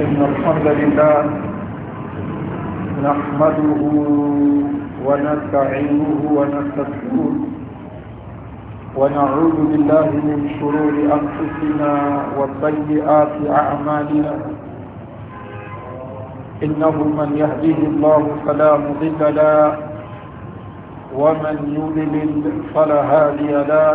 إن الحمد لله نحمده ونستعينه ونستغفره ونعوذ بالله من شرور أنفسنا وسيئات أعمالنا إنه من يهديه الله فلا مضل له ومن يضلل فلا هادي له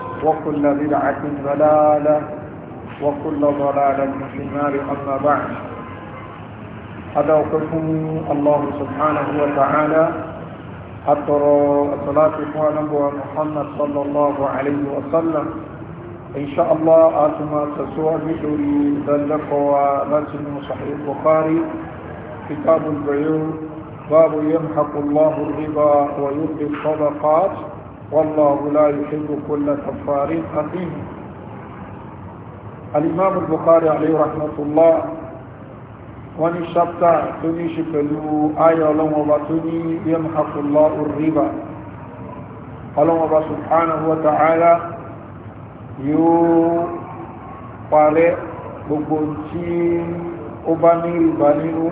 وكل بدعة ضلالة وكل ضلالة في النار أما بعد هذا وقفهم الله سبحانه وتعالى أترى الصلاة على محمد صلى الله عليه وسلم إن شاء الله آتما تسوى بحري ذلك ولكن صحيح البخاري كتاب البيوت باب يمحق الله الربا ويربي الصدقات والله لا يحب كل كفار أثيم الإمام البخاري عليه رحمة الله وان شبتا تني شفلو آية لهم وبتني يمحق الله الربا الله سبحانه وتعالى يو قال بقنتي أبني ربانينو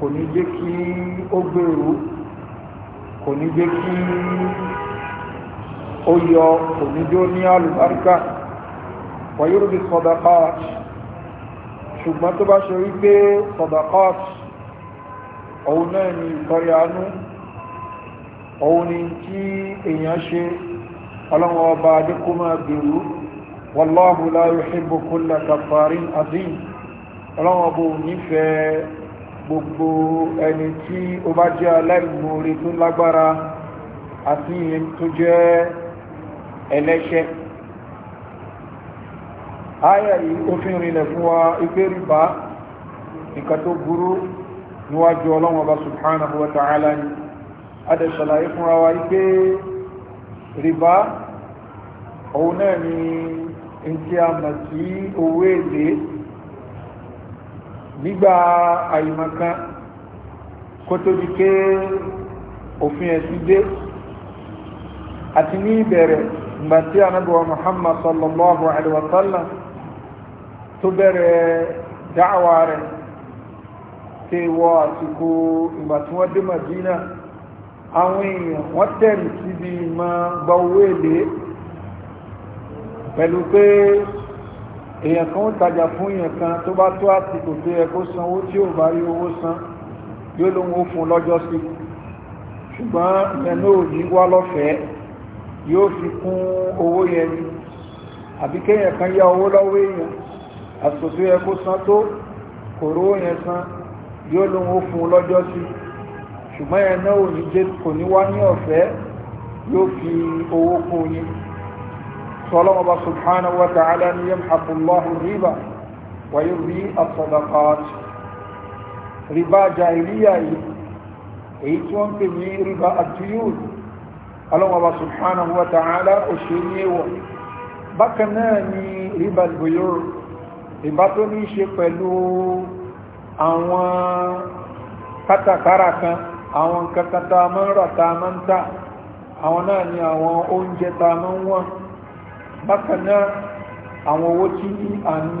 kò ní jẹ́ kí ó gbèrú kò ó yọ onídó ní alùbáríkà wàyúrùbí sọdọ̀kọ́t ṣùgbọ́n tó bá ṣe rí pé sọdọ̀kọ́t òun náà ni ìtọ́rẹ anú òun ni tí èèyàn ṣe ọlọ́wọ́ ọba adékúmọ̀ bèrú wàláhù láyé ṣíbùkúnlá kàfàrín adín ọlọ́wọ́ bó nífẹ̀ẹ́ gbogbo ẹni tí ó bá jẹ́ aláìmoore tó lágbára àti ìyẹn tó jẹ́ ẹlẹ́ṣẹ̀ ayà yìí ó fi rìnlẹ̀ fún wa ipé rìbá nǹkan tó burú níwájú ọlọ́wọ́n ọba subhanahu wa ta'ala ni adẹ̀ṣàlàyé fúnra wa ipé rìbá òun náà ni in tí a mọ̀ sí owó èdè nígbà àìmọ̀kan kó tó di pé òfin ẹ̀sìn dé àti ní ìbẹ̀rẹ̀ ìgbà tí anábíwá muhammad sallallahu alaihi wa sallam tó bẹ̀rẹ̀ dáwà rẹ̀ tí wọ́ àsìkò ìgbà tí wọ́n dé madina àwọn èèyàn wọ́n tẹ̀rì síbi ìmọ̀ gba owó èlé pẹ̀lú pé èèyàn kan ó tajà fún èèyàn kan tó bá tó àsìkò tó yẹ kó sanwó tí san yóò lóun ó fún lọ́jọ́ ṣùgbọ́n ìyẹn náà wá lọ́fẹ̀ẹ́ yóò fi kún owó yẹn ni àbí kéèyàn kan yá owó lọ́wọ́ èèyàn àsìkò tó yẹ kó san tó kòró yẹn san yóò lóun ó fún un lọ́jọ́ sí ṣùgbọ́n yẹn náà ò ní dé kò ní wá ní ọ̀fẹ́ yóò fi owó kún yín sọlọ́mọ bá subhanahu wa ta'ala ní yẹn àfọlọ́hùn rìbá wáyé rí as-sadaqat rìbá yìí èyí tí wọ́n ń pè ní rìbá àtúyùrù ọlọ́wọ́ba subhanahu wa ta'ala ó ṣe ní ẹwọ̀ bákan náà ni riba al-buyur ìbá tó ní ṣe pẹ̀lú àwọn kátàkárà kan àwọn kankan tá a máa ń rà tá a máa àwọn náà ni àwọn oúnjẹ tá a máa bákan náà àwọn owó tí à ń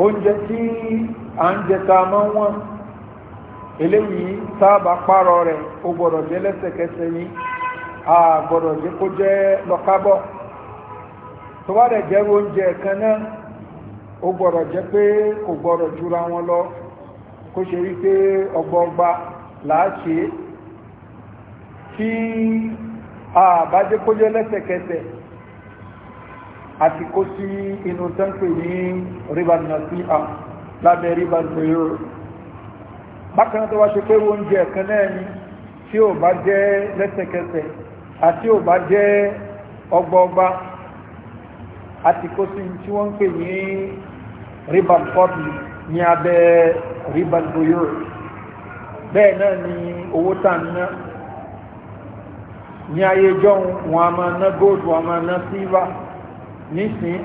oúnjẹ tí à ń jẹ tá a máa eléyìí sábà pààrọ̀ rẹ̀ ó gbọ́dọ̀ jẹ́ lẹ́sẹ̀kẹsẹ̀ ní a gbọ́dọ̀ jẹ́ kó jẹ́ lọ́kábọ̀ tó bá dẹ̀ jẹ́ oúnjẹ kan náà ó gbọ́dọ̀ jẹ́ pé kò gbọ́dọ̀ jura wọn lọ kó ṣe rí pé ọgbọọgba làáṣe tí a bá jẹ́ kó jẹ́ lẹ́sẹ̀kẹsẹ̀ àti kó sí inú tán ní rivers nasiha lábẹ́ rivers nasiha bákan tó wá ṣe pé oúnjẹ kan náà ni tí ò bá jẹ́ lẹ́sẹ̀kẹsẹ̀ àti ò bá jẹ́ ọgbọọgba àti kó sí tí wọ́n ń pè ní ribal fọ́tì ní abẹ́ ribal boyo bẹ́ẹ̀ náà ni owó tà ná ní ayé jọun wọn a máa ná wọn a máa ná nísìn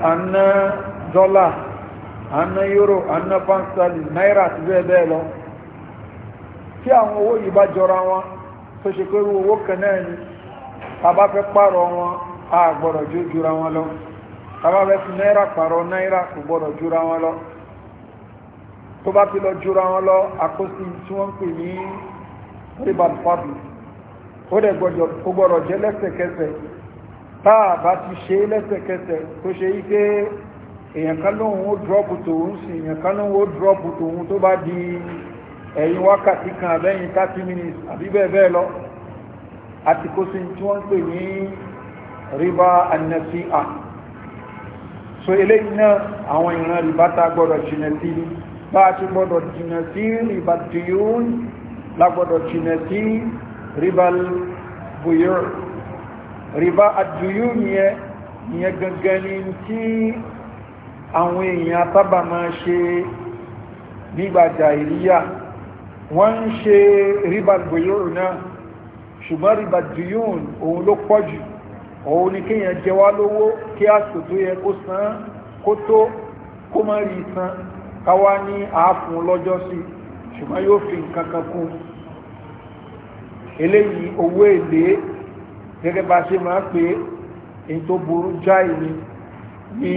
euro à ń ná pound náírà àti bẹ́ẹ̀ bẹ́ẹ̀ tí àwọn owó yìí bá jọra wọn tó ṣe pé irú owó kan náà ni tàbá fẹ́ pààrọ̀ wọn a gbọ́dọ̀ ju jura wọn lọ tàbá fẹ́ fi náírà pààrọ̀ náírà kò gbọ́dọ̀ jura wọn lọ tó bá ti lọ jura wọn lọ àkóso tí wọ́n ń pè ní ribal fadl ó dẹ̀ gbọ́dọ̀ jẹ́ lẹ́sẹ̀kẹsẹ̀ táà bá ti ṣe lẹ́sẹ̀kẹsẹ̀ tó ṣe yí pé èèyàn kan lóhun ó dúrọ́pù tòun sí èèyàn kan lóhun ó dúrọ́pù tòun tó bá di ẹ̀yìn wákàtí kan àbẹ́yìn 30 minutes àbí bẹ́ẹ̀ bẹ́ẹ̀ lọ àti kó sí tí wọ́n ń pè ní riba annasi'a so eléyìí náà àwọn ìran riba tá gbọ́dọ̀ jìnà sí ní bá a ti gbọ́dọ̀ jìnà sí riba dìyún lágbọ́dọ̀ jìnà sí riba buyur riba adìyún yẹn ìyẹn gangan ni tí àwọn èèyàn sábà máa ṣe nígbàjà ìríyà wọ́n ń ṣe ríbàgbòyòrò náà ṣùgbọ́n ríbàdìyún òun ló pọ̀jù òun ni kíyàn jẹ wá lówó kí àsò tó yẹ kó san kó tó kó mọ́ rí san káwá ní àáfún lọ́jọ́ sí ṣùgbọ́n yóò fi nǹkan kan kún eléyìí owó èlé gẹ́gẹ́ bá ṣe máa pé èyí tó burú jáì ni ní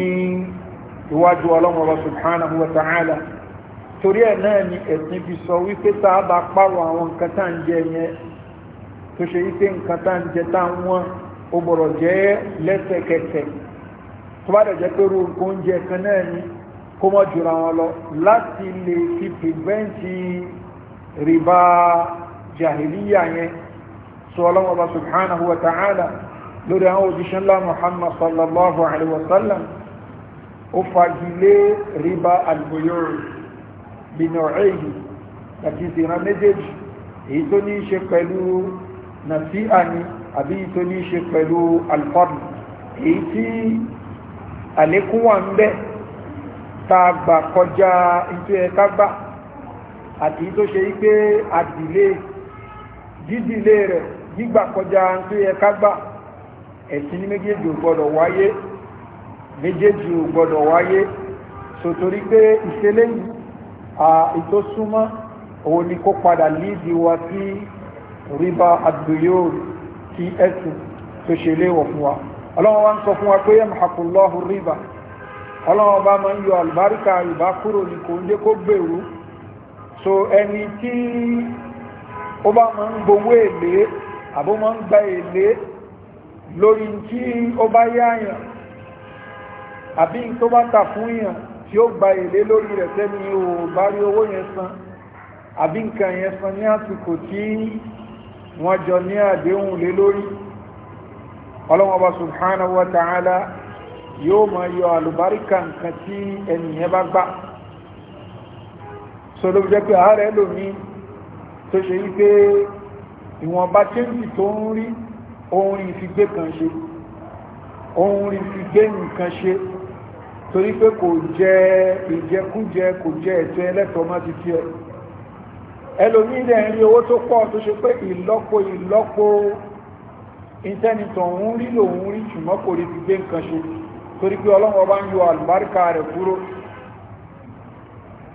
iwájú ọlọ́mọba subhanahu wa ta'ala. ala torí ẹ̀ náà ni ẹ̀sìn fi sọ wípé tá a bá pààrọ̀ àwọn nǹkan tá à ń jẹ yẹn tó ṣe wípé nǹkan tá à ń jẹ tá à ń wọ́n ó gbọ́dọ̀ jẹ́ lẹ́sẹ̀kẹsẹ̀ tó bá dẹ̀ jẹ́ pé ru nǹkan oúnjẹ kan náà ni kó mọ́ jura wọn lọ láti lè fi pìrìvẹ́ǹtì rìbá jahiliya yẹn sọ ọlọ́mọba subhanahu wa ta'ala lórí àwọn òjíṣẹ́ ńlá muhammad sallallahu alaihi wa sallam ó fagilé rìbá al bìnàrẹ́yì àti ìsìnra méjèèjì èyí tó ní ṣe pẹ̀lú nàfíà ni àbí èyí tó ní ṣe pẹ̀lú alfọ́dù èyí tí àlékún wà ń bẹ́ ta gbà kọjá ètò ẹ̀ká gbà àti èyí tó ṣe wípé àdìlé dídìlé rẹ̀ gbígbà kọjá ètò ẹ̀ká gbà ẹ̀sìn ní méjèèjì ò gbọ́dọ̀ wáyé méjèèjì ò gbọ́dọ̀ wáyé sòtòrí ìtò súnmọ́ òun ni kó padà lídi wa tí ríbá àgbìyó tí ẹ̀sùn tó ṣe léwọ̀ fún wa ọlọ́wọ́ wá ń sọ fún wa pé yẹn mọ̀hàkùnlọ́hùn ríbá ọlọ́wọ́ bá máa ń yọ àlùbáríkà ìbá kúrò ní kò ń jẹ́ kó gbèrú so ẹni tí ó bá máa ń gbowó èlé àbó máa ń gba èlé lórí tí ó bá yáyàn àbí tó bá tà fún yàn tí ó gba èlé lórí rẹ̀ tẹ́ni ò bá rí owó yẹn san àbí nǹkan yẹn san ní àsìkò tí wọ́n jọ ní àdéhùn lé lórí ọlọ́wọ́ba subhanahu wa ta'ala yóò ma yọ àlùbáríkà nǹkan tí ẹnìyẹn bá gbà so ló jẹ́ pé ààrẹ lòmí tó ṣe yí pé ìwọ̀nba chéńtì tó ń rí ohun ìfigbé kan ṣe ohun ìfigbé nǹkan ṣe torí pé kò jẹ ìjẹkújẹ kò jẹ ẹ̀tọ́ ẹlẹ́tọ̀ọ́ má ti tiẹ̀ ẹlòmíì dẹ̀ ń rí owó tó pọ̀ tó ṣe pé ìlọ́po ìlọ́po ìtẹ́nitàn ń rí lòun rí ṣùgbọ́n kò rí ti gbé nǹkan ṣe torí pé ọlọ́run ọba ń yọ àlùbáríkà rẹ̀ kúrò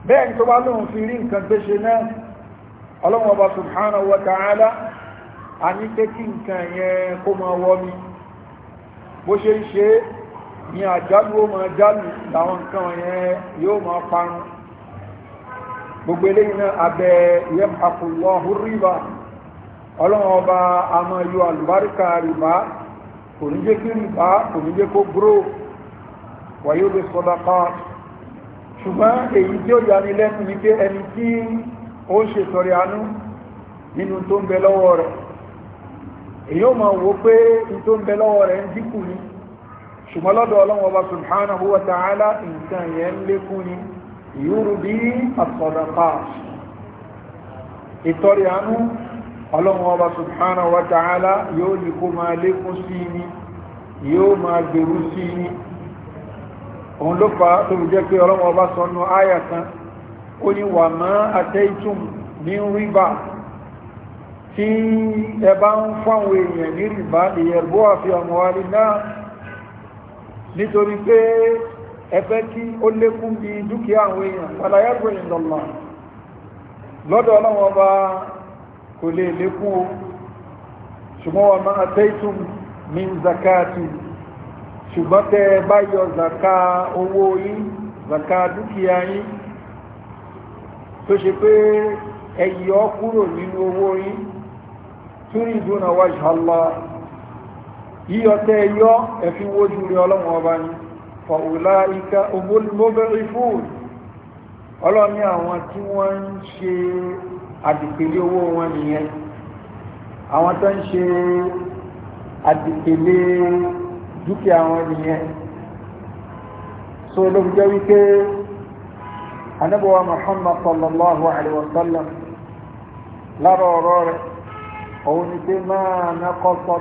bẹ́ẹ̀ ni tó bá lóun fi rí nǹkan gbé ṣe náà ọlọ́run ọba subhanahu wa ta'ala a ní pé kí nǹkan yẹn kó máa wọ́ mi bó ṣe ń ṣe é ní àjálù ó máa jálù làwọn nǹkan yẹn yóò máa parun gbogbo eléyìí náà abẹ yẹm àkùnwọ́ húrìbà ọlọ́run ọba àmọ́ yọ àlùbáríkà rìbá kò ní jẹ́ kí rìbá kò ní jẹ́ kó gbúrò wàyó lè sọ́dá pa ṣùgbọ́n èyí tí ó yani lẹ́nu ni pé ẹni tí ó ń ṣe sọ̀rọ̀ àánú nínú tó ń bẹ lọ́wọ́ rẹ̀ èyí ó máa wò pé tó ń bẹ lọ́wọ́ rẹ̀ ń dínkù ni ṣùgbọ́n lọ́dọ̀ ọlọ́run ọba subhanahu wa ta'ala nǹkan yẹn ń lékún ni ìyúrù bí àsọ̀dàpá ìtọ́rẹ àánú ọlọ́run ọba subhanahu wa ta'ala yóò ní kó máa lékún sí ni yóò máa gbèrú sí ni òun ló fa tó fi jẹ́ pé ọlọ́run ọba sọnù áyà kan ó ní wà mọ́ atẹ́ìtùm ní rìbá tí ẹ bá ń fáwọn èèyàn ní rìbá ìyẹ̀bọ́ àfi ọmọ wa náà nítorí pé ẹfẹ́ kí ó lékún bí dúkìá àwọn èèyàn pàdàyàgbò ìdọ̀lá lọ́dọ̀ ọlọ́wọ́ bá kò lè lékún o ṣùgbọ́n wọn máa tẹ́tùn ní zakati ṣùgbọ́n tẹ́ bá yọ zaka owó yín zaka dúkìá yín tó ṣe pé ẹ̀yọ́ kúrò nínú owó yín túrìdúnà wájú Allah yíyọ tẹ́ yọ ẹ̀fí wójú rí ọlọ́run ọba ní fọ̀wùlá ika ogbólúmọ́bẹ̀rí fún ọlọ́ni àwọn tí wọ́n ń ṣe àdìpèlé owó wọn nìyẹn àwọn tó ń ṣe àdìpèlé dúkìá wọn nìyẹn so ló fi jẹ́ wípé anábọ̀wá muhammad sallallahu alaihi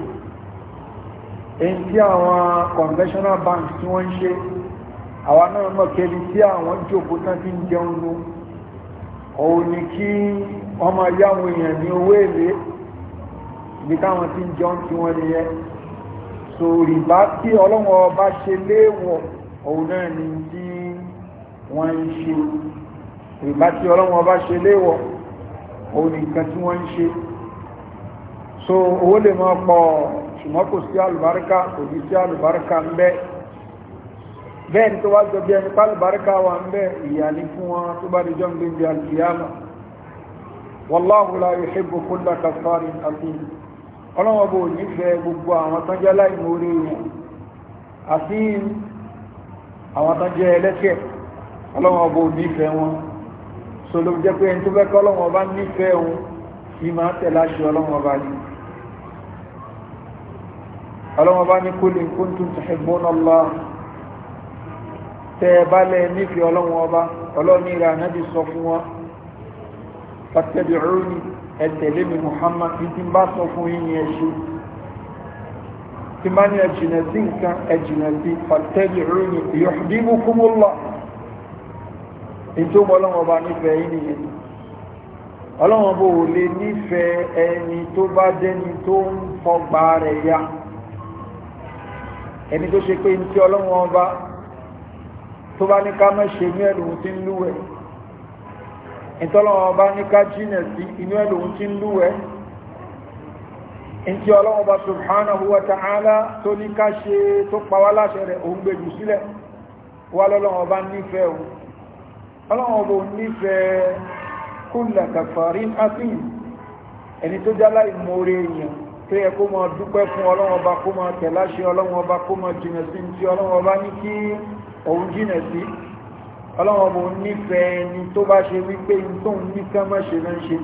èyí tí àwọn conventional banks tí wọ́n ń ṣe àwa náà mọ̀ kébi tí àwọn jòkó tán ti ń jẹun nu òun ni kí wọ́n máa yá àwọn èèyàn ní owó èlé ibi táwọn ti ń jẹun tí wọ́n nìyẹn so rìbá tí ọlọ́wọ́ bá ṣe léèwọ̀ òun náà ni tí wọ́n ń ṣe rìbá tí ọlọ́wọ́ bá ṣe léèwọ̀ òun nìkan tí wọ́n ń ṣe so owó lè máa pọ̀ ọ́ ṣùgbọ́n kò sí alùbáríkà kò ní sí alùbáríkà ń bẹ bẹ́ẹ̀ ni tó wá jọ bí ẹni pa alùbáríkà wà ń bẹ ìyà ní fún wọn tó bá di jọ ń gbé ní alùkìyàmà wallahu la yuhibbu kulla kaffarin asim ọlọ́wọ́ bò nífẹ̀ẹ́ gbogbo ọlọ́wọ́ bá ní ọlọ́wọ́ bá ní kul in kuntum tuhibbuna Allah tẹ́ ẹ bá lẹ nífẹ̀ẹ́ ọlọ́wọ́ ọba ọlọ́ni rẹ̀ ànábì sọ fún wọn fattabi'uni ẹ tẹ̀lé mi Muhammad tí n bá sọ fún yín ni ẹ ṣe tí n bá ní ẹ sí nǹkan ẹ jìnà sí fattabi'uni yuhbibkumullah ìjọba ọlọ́wọ́ bá nífẹ̀ẹ́ yín nìyẹn ọlọ́wọ́ bó lè nífẹ̀ẹ́ ẹni tó bá jẹ́ni tó ń fọgbà rẹ̀ ya ẹni tó ṣe pé ntí ọlọ́run ọba tó bá ní ká má ṣe inú ẹ̀ lòun ti ń lúwẹ̀ ntí ọlọ́run ọba ní ká jìnà sí inú ẹ̀ lòun ti ń lúwẹ̀ ntí ọlọ́run ọba subhanahu wa ta'ala tó ní ká ṣe tó pa wá láṣẹ rẹ̀ òun gbèjù sílẹ̀ wá lọ́lọ́run ọba nífẹ̀ẹ́ o ọlọ́run ọba ò tó yẹ kó máa dúpẹ́ fún ọlọ́wọ́n ọba kó máa tẹ̀láṣẹ ọlọ́wọ́n ọba kó máa jìnà sí tí ọlọ́wọ́n ọba ní kí òun jìnà sí ọlọ́wọ́n ọba nífẹ̀ẹ́ ni tó bá ṣe wípé ìtòun nìkan má ṣe náà ṣe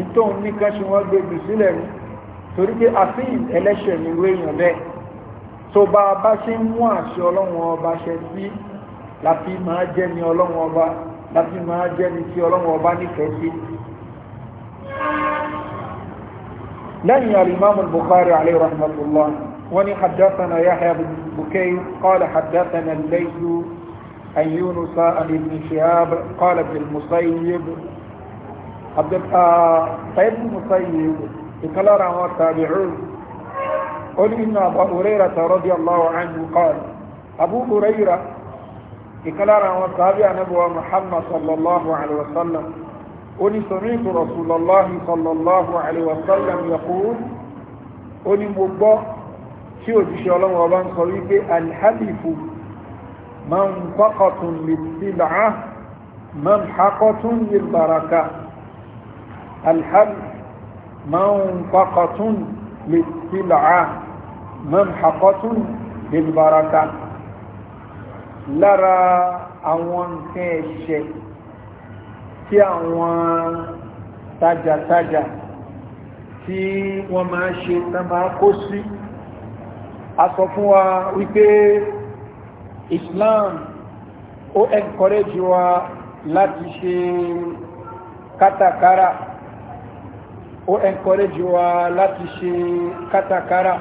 ìtòun nìkan ṣe wọ́n gbègbè sílẹ̀ ní torí pé àfihàn ẹlẹ́ṣẹ̀ ni wéèyàn bẹ́ẹ̀ tó bá a bá ṣe ń mú àṣẹ ọlọ́wọ́n ọba ṣẹ sí láti máa jẹ́ ni ọlọ́wọ́n ọba láti máa jẹ́ ni tí ọlọ́wọ́n ọba nífẹ̀ẹ́ sí لن الإمام البخاري عليه رحمة الله وني حدثنا يحيى بن بكير قال حدثنا الليث عن يونس عن ابن شهاب قال ابن المسيب عبد آه، سيد المسيب قال رواه التابعون قل إن أبا هريرة رضي الله عنه قال أبو هريرة قال رواه التابع نبوة محمد صلى الله عليه وسلم oni sami'tu rasulallahi sallallahu alaihi wasallam yaqul oni mo gbọ́ tí òjíṣẹ́ ọlọ́run ọba ń sọ wípé alhalifu man faqatun lis-sil'a man haqatun lil-baraka alhalifu man faqatun lis man haqatun lil lára àwọn nǹkan ẹ̀ṣẹ̀ tí àwọn tajàtajà tí wọ́n máa ṣe tán kó sí a sọ fún wa wípé Islam ó encourage wa láti ṣe kátàkárà ó encourage wa láti ṣe kátàkárà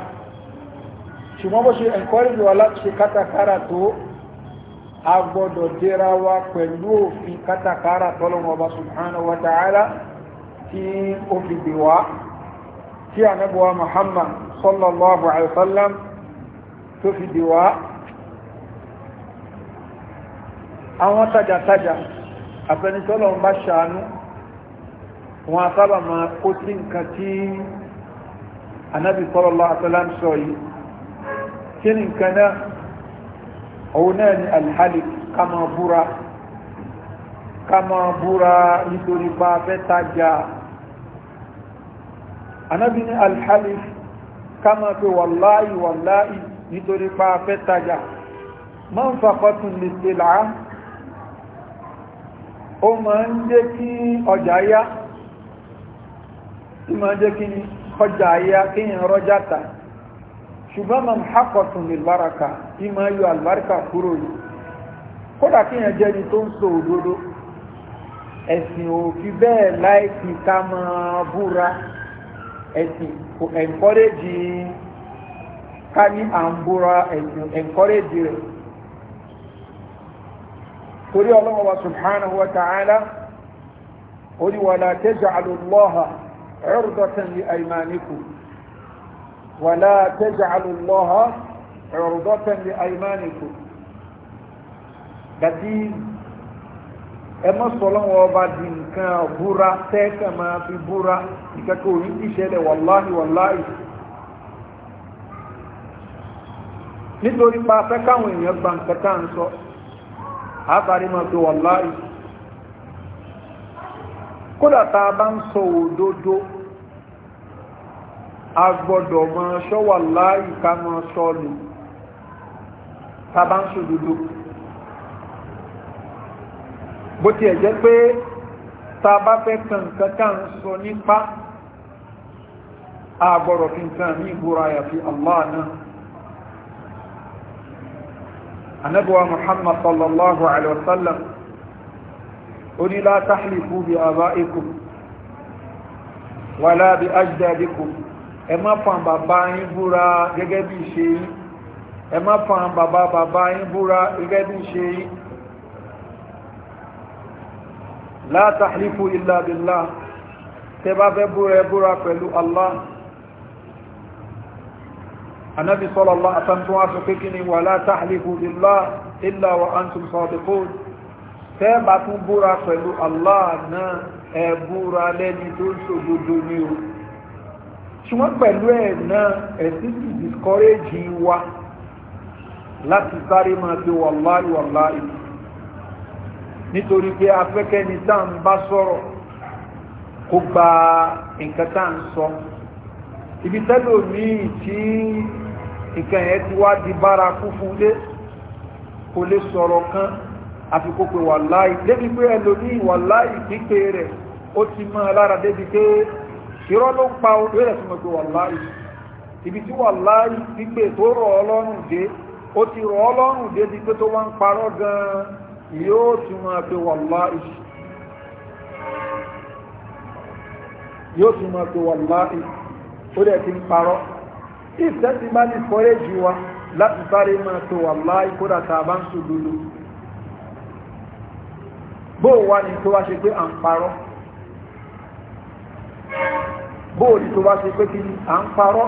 ṣùgbọ́n bó ṣe encourage wa láti ṣe kátàkárà tó a gbọ́dọ̀ dẹ́ra wa pẹ̀lú òfin kátàkárà tọ́lọ́wọ́ ọba subhanahu wa ta'ala tí ó fi gbè wá tí ànábọ̀wá muhammad sallallahu alaihi wa sallam tó fi gbè wá àwọn tajàtajà àfẹnitọ́lọ̀ ń bá ṣàánú wọn sábà máa kó sí nǹkan tí anábì sallallahu òun náà ni alhalik ká máa búra ká máa búra nítorí bá fẹ́ tajà anábì ní alhalik ká máa pe wàláì wàláì nítorí bá fẹ́ tajà máa ń fàkọ́tún lè ṣe làá ó máa ń jẹ́ kí ọjà yá tí máa ń jẹ́ kí ọjà yá kí ìrọjá tàà ṣùgbọ́n mọ̀ hákọ̀tún lè báraka ìmọ̀ ayò àlùbáríkà kúrò yìí kódà kí yẹn jẹ́ni tó ń sọ òdodo ẹ̀sìn ò fi bẹ́ẹ̀ láìsí ká máa búra ẹ̀sìn kò ẹ̀ńkọ́rẹ́jì ká ní à ń búra ẹ̀sìn ẹ̀ńkọ́rẹ́jì rẹ̀ torí ọlọ́wọ́ wa subhanahu wa ta'ala ó ní wàlá tẹ́jà àlùlọ́hà ẹ̀rọ̀dọ̀tàn ní àìmáníkù wàlá tẹ́jàálù lọ́ha ẹ̀rọ̀dọ́tẹ̀ ní àìmánìkù dàbí ẹ mọ́ sọlọ́wọ́ ọba di nǹkan búra tẹ́ẹ̀kà máa fi búra ìkẹ́kọ̀ọ́ yìí ti ṣẹlẹ̀ wàláhì wàláhì nítorí pa afẹ́káwọn èèyàn gba nǹkan tá à ń sọ àbárí máa fi wàláhì kódà tá a bá ń sọ òdodo agbọ́dọ̀ mọ ṣọ́wà láàyè ká mọ sọ́ọ̀lù tàbá ń ṣòdodo bó tiẹ̀ jẹ́ pé ta bá fẹ́ kan nǹkan ká ń sọ nípa agbọ́dọ̀ fi nǹkan ní ìbúra àyàfi Allah náà Muhammad sallallahu alaihi wasallam ó ní la tahlifu bi abaikum wala bi ajdadikum ẹ má fa bàbá yín búra gẹ́gẹ́ bí ṣe yín ẹ má fa bàbá bàbá yín búra gẹ́gẹ́ bí ṣe yín la tahlifu illa billah tẹ́ bá fẹ́ búra ẹ búra pẹ̀lú Allah anabi sallallahu alaihi wasallam wá sọ pé kí ni wala tahlifu billah illa antum sadiqun tẹ́ bá tún búra pẹ̀lú Allah náà ẹ búra lẹ́ni tó ń ṣòdodo ni o ṣùgbọ́n pẹ̀lú ẹ̀ náà ẹ̀sìn ti discourage wa láti sáré máa fi wàláì wàláì nítorí pé afẹ́kẹ́ni tá à ń bá sọ̀rọ̀ kó gba nǹkan tá ń sọ ibi tẹ́lò míì tí nǹkan yẹn ti wá di bárakú fún lé kò lè sọ̀rọ̀ kan àfi kó pe wàláì débi pé ẹlòmíì wàláì pípe rẹ̀ ó ti máa lára débi pé irọ́ ló ń pa orí rẹ̀ fún ọjọ́ wàláì ibi tí wàláì pípé tó rọ̀ ọlọ́run dé ó ti rọ̀ ọlọ́run dé di pé tó wá ń parọ́ gan-an yóò tún máa pe wàláì yóò tún máa pe wàláì ó dẹ̀ ti ń parọ́ ìfẹ́ ti bá ní fọ́rẹ́ jù wa láti sáré máa pe wàláì kódà tá a bá ń sùn dúdú bóò wá ní tó wá ṣe pé à ń parọ́ bóòlù tó bá ṣe pé kí ni à ń parọ́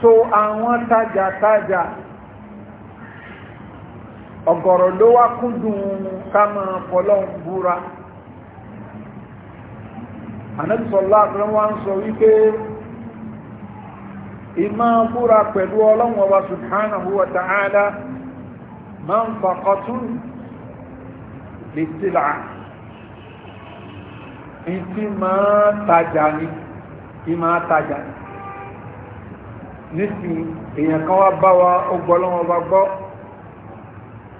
so àwọn tajà ọ̀gọ̀rọ̀ ló wá kúndùn ká máa fọlọ́hún búra ànẹ́bùsọ̀lá wá ń sọ wípé ìmọ̀ búra pẹ̀lú ọlọ́run ọba ìtí máa tajà ní ìmá tajà nísìn èèyàn kan wá bá wa ó gbọ́ lọ́wọ́ bá gbọ́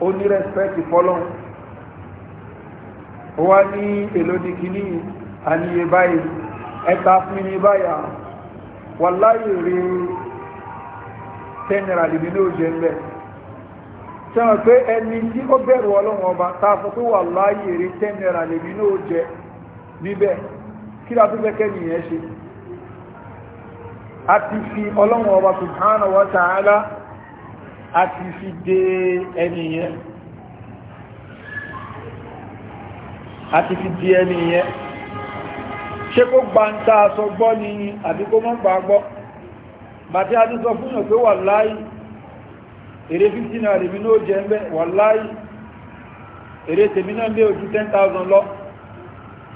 ó ní rẹ́spẹ́tì fọ́lọ́n ó wá ní èlò ní kìíní àníyè báyìí ẹta fún ní báyà wà láyé rí tẹ́nìrà lèmi ní òjò ẹgbẹ́ sẹ́wọ̀n pé ẹni tí ó bẹ̀rù ọlọ́wọ́ ọba tá a pé wà láyé rí tẹ́nìrà lèmi ní òjò ẹgbẹ́ níbẹ̀ kí la tó fẹ́kẹ́ nìyẹn ṣe a ti fi ọlọ́run ọba subhanahu wa ta'ala a ti fi dé ẹnìyẹn a ti fi dé ẹnìyẹn ṣe kó gbà ń sọ gbọ́ ni àbí kó mọ́ gbà gbọ́ bàtí a ti sọ fún wà láì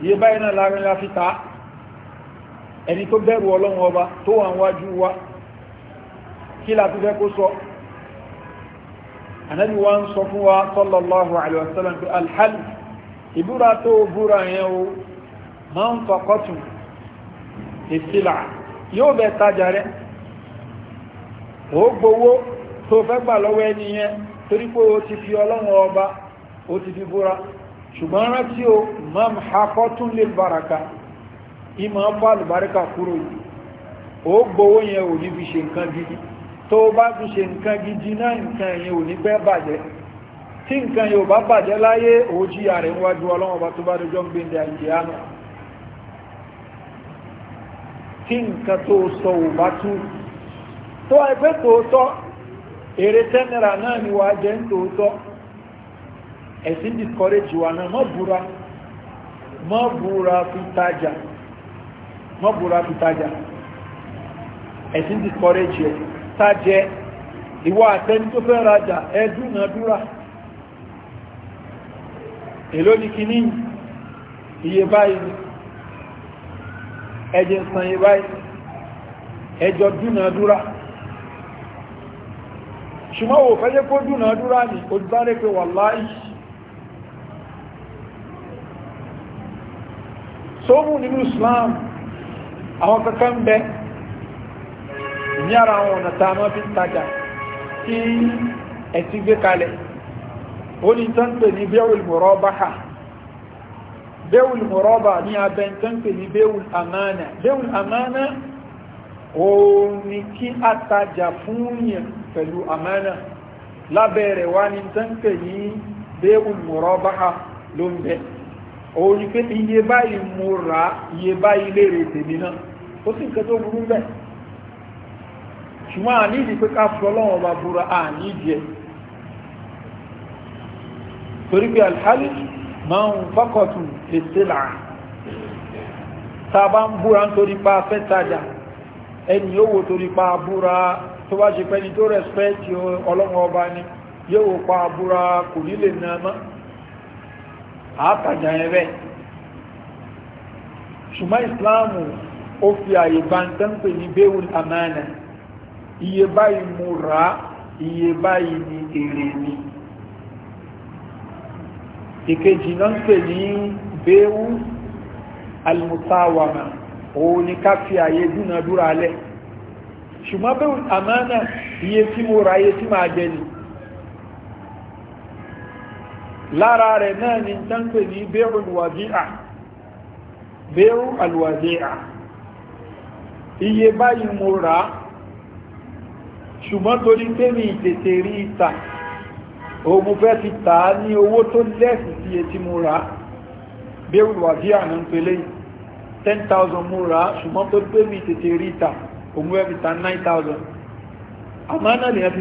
iye báyìí náà láàrin la fi ta ẹni tó bẹ̀rù ọlọ́run ọba tó wà wájú wa kí la tó fẹ́ kó sọ ànábì wa ń sọ fún wa sallallahu alaihi wasallam pé alhali ìbúra tó búra yẹn o máa ń fakọ́tù ìsìlà yóò bẹ̀ tajà rẹ̀ ó gbowó tó fẹ́ gbà lọ́wọ́ ẹni yẹn torí pé ti fi ọlọ́run ọba o ti fi búra ṣùgbọ́n rántí o mam hakọ́ tún lè baraka ìmọ̀ ọ̀pá àlùbáríkà kúrò yìí ó gbowó yẹn ò ní fi ṣe nǹkan gidi tó o bá fi ṣe nǹkan gidi náà nǹkan yẹn ò ní pẹ́ bàjẹ́ tí nǹkan yẹn ò bá bàjẹ́ láyé òjì ààrẹ wájú ọlọ́wọ́n bá tó bá dojọ́ ń gbé ní àìjíríàmù ẹ̀sìn discourage wa náà mọ́ búra mọ́ búra fi tajà mọ́ búra fi tajà ẹ̀sìn discourage ẹ̀ tajẹ́ ìwọ àtẹni tó fẹ́ rajà ẹdúnàdúrà èló ní kíní iye báyìí ẹjẹ san iye báyìí ẹjọ dúnàdúrà ṣùgbọ́n wò fẹ́ yẹ kó dúnàdúrà ní ojúbárẹ́ pé wà láìsí sóòmù nínú islam àwọn kankan bẹ ní ara àwọn ọ̀nà tá a máa fi ń tajà tí ẹ̀tí gbé kalẹ̀ ó ní tán pè ní bẹ́ẹ̀wùl murabaha bẹ́ẹ̀wùl muraba ní abẹ́ tán pè ní bẹ́ẹ̀wùl amánà bẹ́ẹ̀wùl amánà ó ní kí a tajà fún yẹn pẹ̀lú amánà lábẹ́ rẹ̀ wá ní tán pè ní bẹ́ẹ̀wùl murabaha ló ń bẹ́ẹ̀ òun ni pé iye báyìí mo rà iye báyìí léèrè tèmi náà ó sì nǹkan tó burú bẹ́ẹ̀ ṣùgbọ́n àníìdí pé ká fi ọlọ́run ọba búra àníìdí ẹ̀ torí pé alhali máa ń fọ́kọ̀tù ètè là tá a bá ń búra nítorí pa afẹ́ tajà ẹni yóò wo torí pa búra tó bá ṣe pẹ́ni tó rẹ̀spẹ́tì ọlọ́run ọba ni yóò pa búra kò ní lè nà àátàjà yẹn bẹ́ẹ̀ ṣùgbọ́n ìsìláàmù ó fi àyè bá ń tán pè ní béwùl amánà iye báyìí mo rà á iye báyìí ni èrè mi ìkejì náà ń pè ní béwù almutawama òun ni ká fi àyè dúnadúrà lẹ̀ ṣùgbọ́n béwùl amánà iye tí mo rà iye tí máa jẹ nìyí lára rẹ̀ náà ni tánkè ní bẹ́rù alwadi'a bẹ́rù alwadi'a iye báyìí mo rà á ṣùgbọ́n torí pé mi tètè rí ìta òun fẹ́ ti tà ní owó tó lẹ́sì sí etí mo rà á bẹ́rù ní ń pelé 10,000 mo rà á ṣùgbọ́n torí pé mi tètè rí ìta òun fẹ́ fi ta 9,000 àmọ́ náà lè fi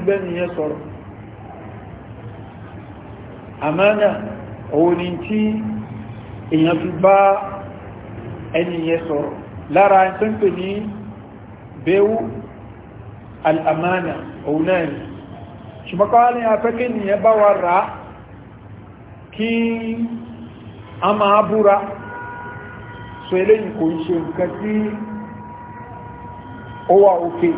àmánà òun ni tí èèyàn fi bá ẹniyẹ sọ̀rọ̀ lára tó ń pè ní bẹ́wú al'amánà òun náà ni ṣùgbọ́n kọ́ ní afẹ́kẹ́ nìyẹn bá wa rà kí a máa búra so eléyìn kò ṣe nǹkan tí ó wà òkè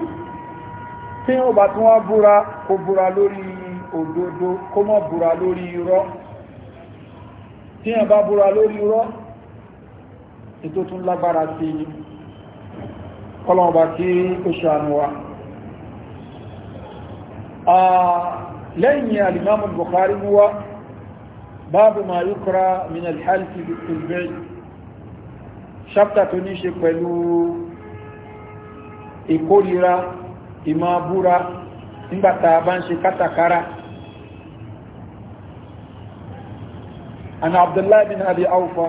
tí ó bá tún wá búra kó búra lórí òdodo kó mọ́ búra lórí irọ́ tí yàn bá búra lórí irọ́ ètò tún lágbára sí kọlọ̀ọ̀bá tí ó ṣàánú wa lẹ́yìn alìmọ́mù Bukhari mú wá báàbù ma yúkra min alhalki bilbil ṣáptà tó ní ṣe pẹ̀lú ìkórira ìmọ̀ búra nígbàtà bá ń ṣe kátàkárá and Abdullah bin Abi Awfa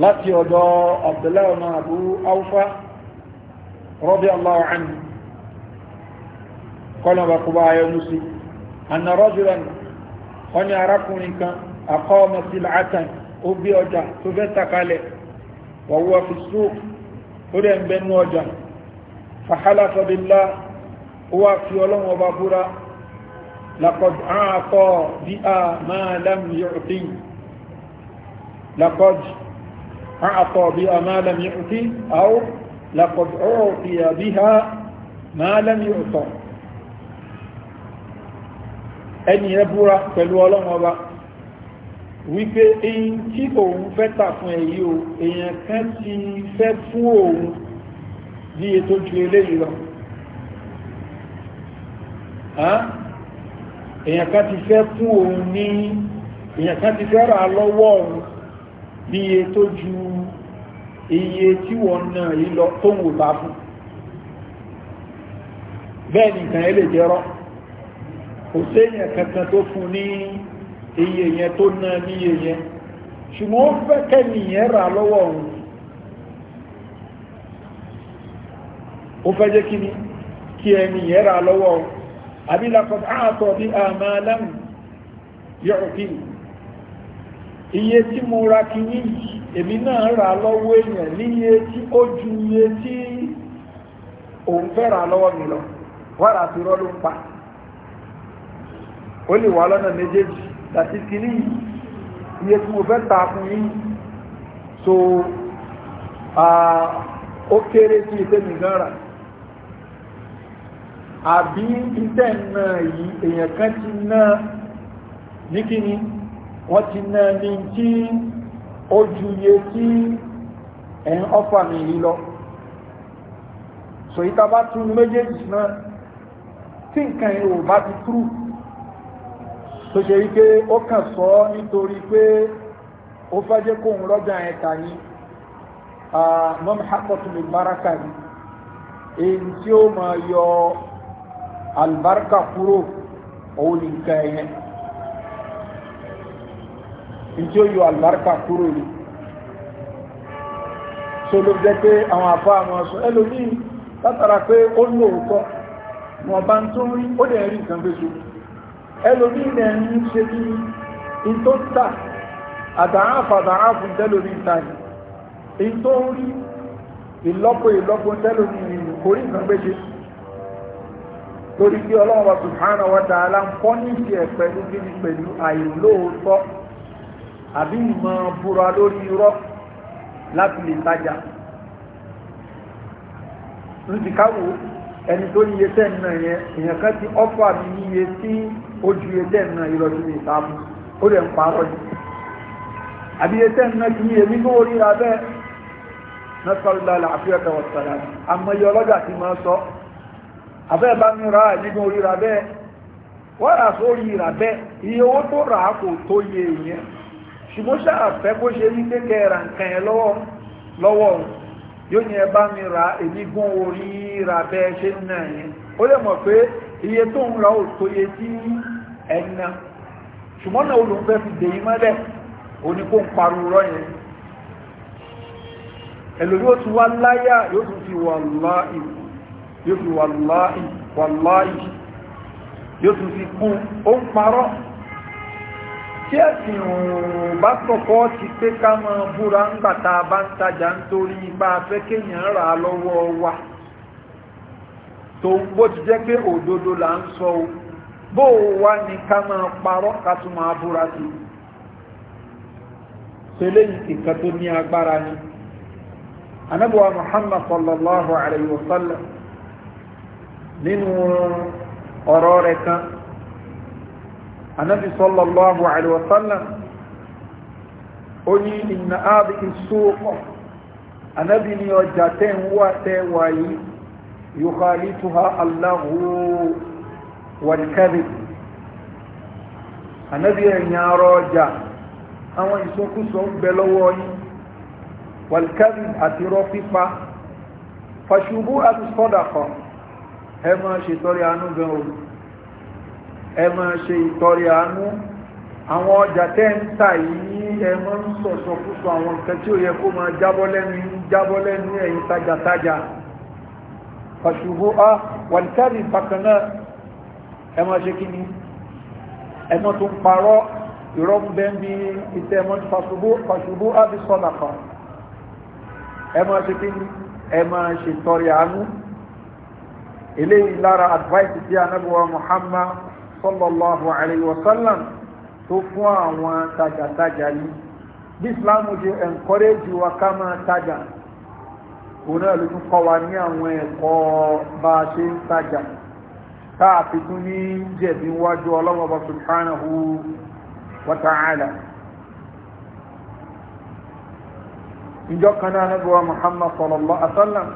láti ọ̀dọ̀ Abdullah bin Abu Awfa radiyallahu anhu kọ́nà bá kú bá ayé musu anna rajulan wọ́n ni arákùnrin kan aqama sil'atan ó gbé ọjà tó fẹ́ takalẹ̀ wa fi suq ó dẹ̀ ń bẹ́nu ọjà fa halafa billah ó wá fi ọlọ́wọ́ bá búra لقد أعطى بها ما لم يعطي لقد أعطى بها ما لم يعطي أو لقد أعطي بها ما لم يعطى ẹni ẹbúra pẹ̀lú ọlọ́run ọba wípé èyí tí òun fẹ́ tà fún èyí o èyàn kan ti fẹ́ fún òun ní ètò ju eléyìí lọ èyàn ká ti fẹ́ fún òun ní èyàn ká ti fẹ́ rà lọ́wọ́ òun ní iye tó ju iye tí wọ́n náà yí lọ tó ń wòbá fún bẹ́ẹ̀ nìkan ẹ lè jẹ́rọ kò séyàn kankan tó fún ní iye yẹn tó náà ní iye yẹn ṣùgbọ́n ó fẹ́ kẹ́nìyàn rà lọ́wọ́ òun ó fẹ́ jẹ́ kí ni kí ẹnìyàn rà lọ́wọ́ òun àbí lakọ̀ àtọ̀ bí àmà lẹ́mù yọ̀ọ̀kì iye tí mo ra kìíní yìí èmi náà rà lọ́wọ́ èèyàn ní iye tí ó ju iye tí òun fẹ́ rà lọ́wọ́ mi lọ wàrà àti irọ́ ló pa ó lè wà lọ́nà méjèèjì àti kìíní iye tí mo fẹ́ ta fún yín so ah, ó kéré sí ìtẹ́mi gan rà àbí ìtẹ́ náà yìí èèyàn kan ti náà ní kíni wọ́n ti náà ní tí ó ju iye tí ẹ̀ ń ọ́fà mi yìí lọ so ìta bá tún méjèèjì náà tí nǹkan yìí ò bá ti kúrú tó ṣe wípé ó kàn sọ ọ́ nítorí pé ó fẹ́ jẹ́ kóun rọ́jà ẹ̀ ni mọ́mí hákọ̀tún lè gbára kà èyí tí ó máa yọ alibarika kúrò òun ní nǹkan ẹ̀yẹ njẹ́ yọ alibarika kúrò ni so ló jẹ́ pé àwọn àfa àwọn sọ ẹlòmíì látara pé ó lóòótọ́ wọn bá ń tó rí ó lè rí nǹkan gbèsò ẹlòmíì lè ń ṣe bí in tó ń tà àdáhàfà àdáhàfù tẹ́lòmí ń tà ní in tó ń rí ìlọ́pọ̀ ìlọ́pọ̀ tẹ́lòmí ń rí orí nǹkan gbèsò torí pé ọlọ́run ọba subhanahu wa ta'ala ń kọ́ ní ìṣe pẹ̀lú gíní pẹ̀lú àìlóòótọ́ àbí ìmọ̀ búra lórí irọ́ láti lè tajà ní káwò ẹni tó níye tẹ́ náà yẹn èèyàn kan ti ọ́fà mi níye tí ó ju iye tẹ́ náà ìrọ̀jú lè ta mú ó lè ń parọ́ jù àbí iye tẹ́ náà kì í èmi ní oríra bẹ́ẹ̀ nọ́sọ̀rọ̀ lọ́la àfihàn tẹ̀wọ̀ sọ̀rọ̀ àmọ́ iye ọlọ́jà ti máa sọ afẹ́ bá mi ra nígbà orí ra bẹ́ẹ̀ wọ́n rà sórí ra bẹ́ẹ̀ iye owó tó rà á kò tó yẹ ìyẹn ṣùgbọ́n ṣàfẹ́ bó ṣe ní kékeré ra nǹkan yẹn lọ́wọ́ lọ́wọ́ yóò ní ẹ bá mi ra èmi gún orí ra bẹ́ẹ̀ ṣe ń nà yẹn ó lè mọ̀ pé iye tó ń ra ò tó yẹ tí ẹ̀nà ṣùgbọ́n náà olùfẹ́ fi dè yí mọ́lẹ̀ òní kó ń pariwo rọ́ yẹn ẹlòmí ó ti wá láyà yóò tún fi wà láì yóò fi wàláì wàláì yóò tún fi kún ó ń parọ́ tí ẹ̀sìn òun bá kọ̀kọ́ ti pé ká máa búra ń gbàta bá ń tajà nítorí bá a fẹ́ kéèyàn rà á lọ́wọ́ wa tó ń bó ti jẹ́ pé òdodo là ń sọ bó wá ní ká máa parọ́ ká tún máa búra sí i tẹ́lẹ̀yìn ní agbára ni anábọ̀wá muhammad sallallahu alayhi wa sallam nínú ọ̀rọ̀ rẹ̀ kan anábi sallallahu alaihi wasallam ó ní ìnà áàbì ìṣòkọ̀ anábi ni ọjà tẹ́ ń wà tẹ́ wà yìí yóò kàrí tó ha aláhù wàlkẹ́rì àti rọ pípa fàṣubú àti sọ́dà kan ẹ máa ṣe ìtọ́rí àánú gan o ẹ máa ṣe ìtọ́rí àánú àwọn ọjà tẹ́ ń tà yìí ẹ máa ń sọ̀sọ̀ púpọ̀ àwọn nǹkan tí ó yẹ kó máa jábọ́ lẹ́nu jábọ́ lẹ́nu ẹ̀yìn tajàtajà fàṣùgbó á wàlìkárì bákan náà ẹ máa ṣe kí ni ẹ máa tún parọ́ ìrọ́ ń ń bí ìtẹ́ mọ́ fàṣùgbó á bí sọ́nà kan ẹ ṣe kí ni ẹ ṣe tọrẹ àánú eléyìí lára advice tí anábíwá muhammad sallallahu alayhi wa sallam tó fún àwọn tajàtajà yìí bí islam ṣe encourage wa ká máa tajà òun náà ló tún kọ́ wa ní àwọn ẹ̀kọ́ bá a ṣe ń tajà tá a fi tún ní jẹ̀bi wájú ọlọ́mọba subhanahu wa ta'ala ìjọ kan náà anábíwá muhammad sallallahu alayhi wa sallam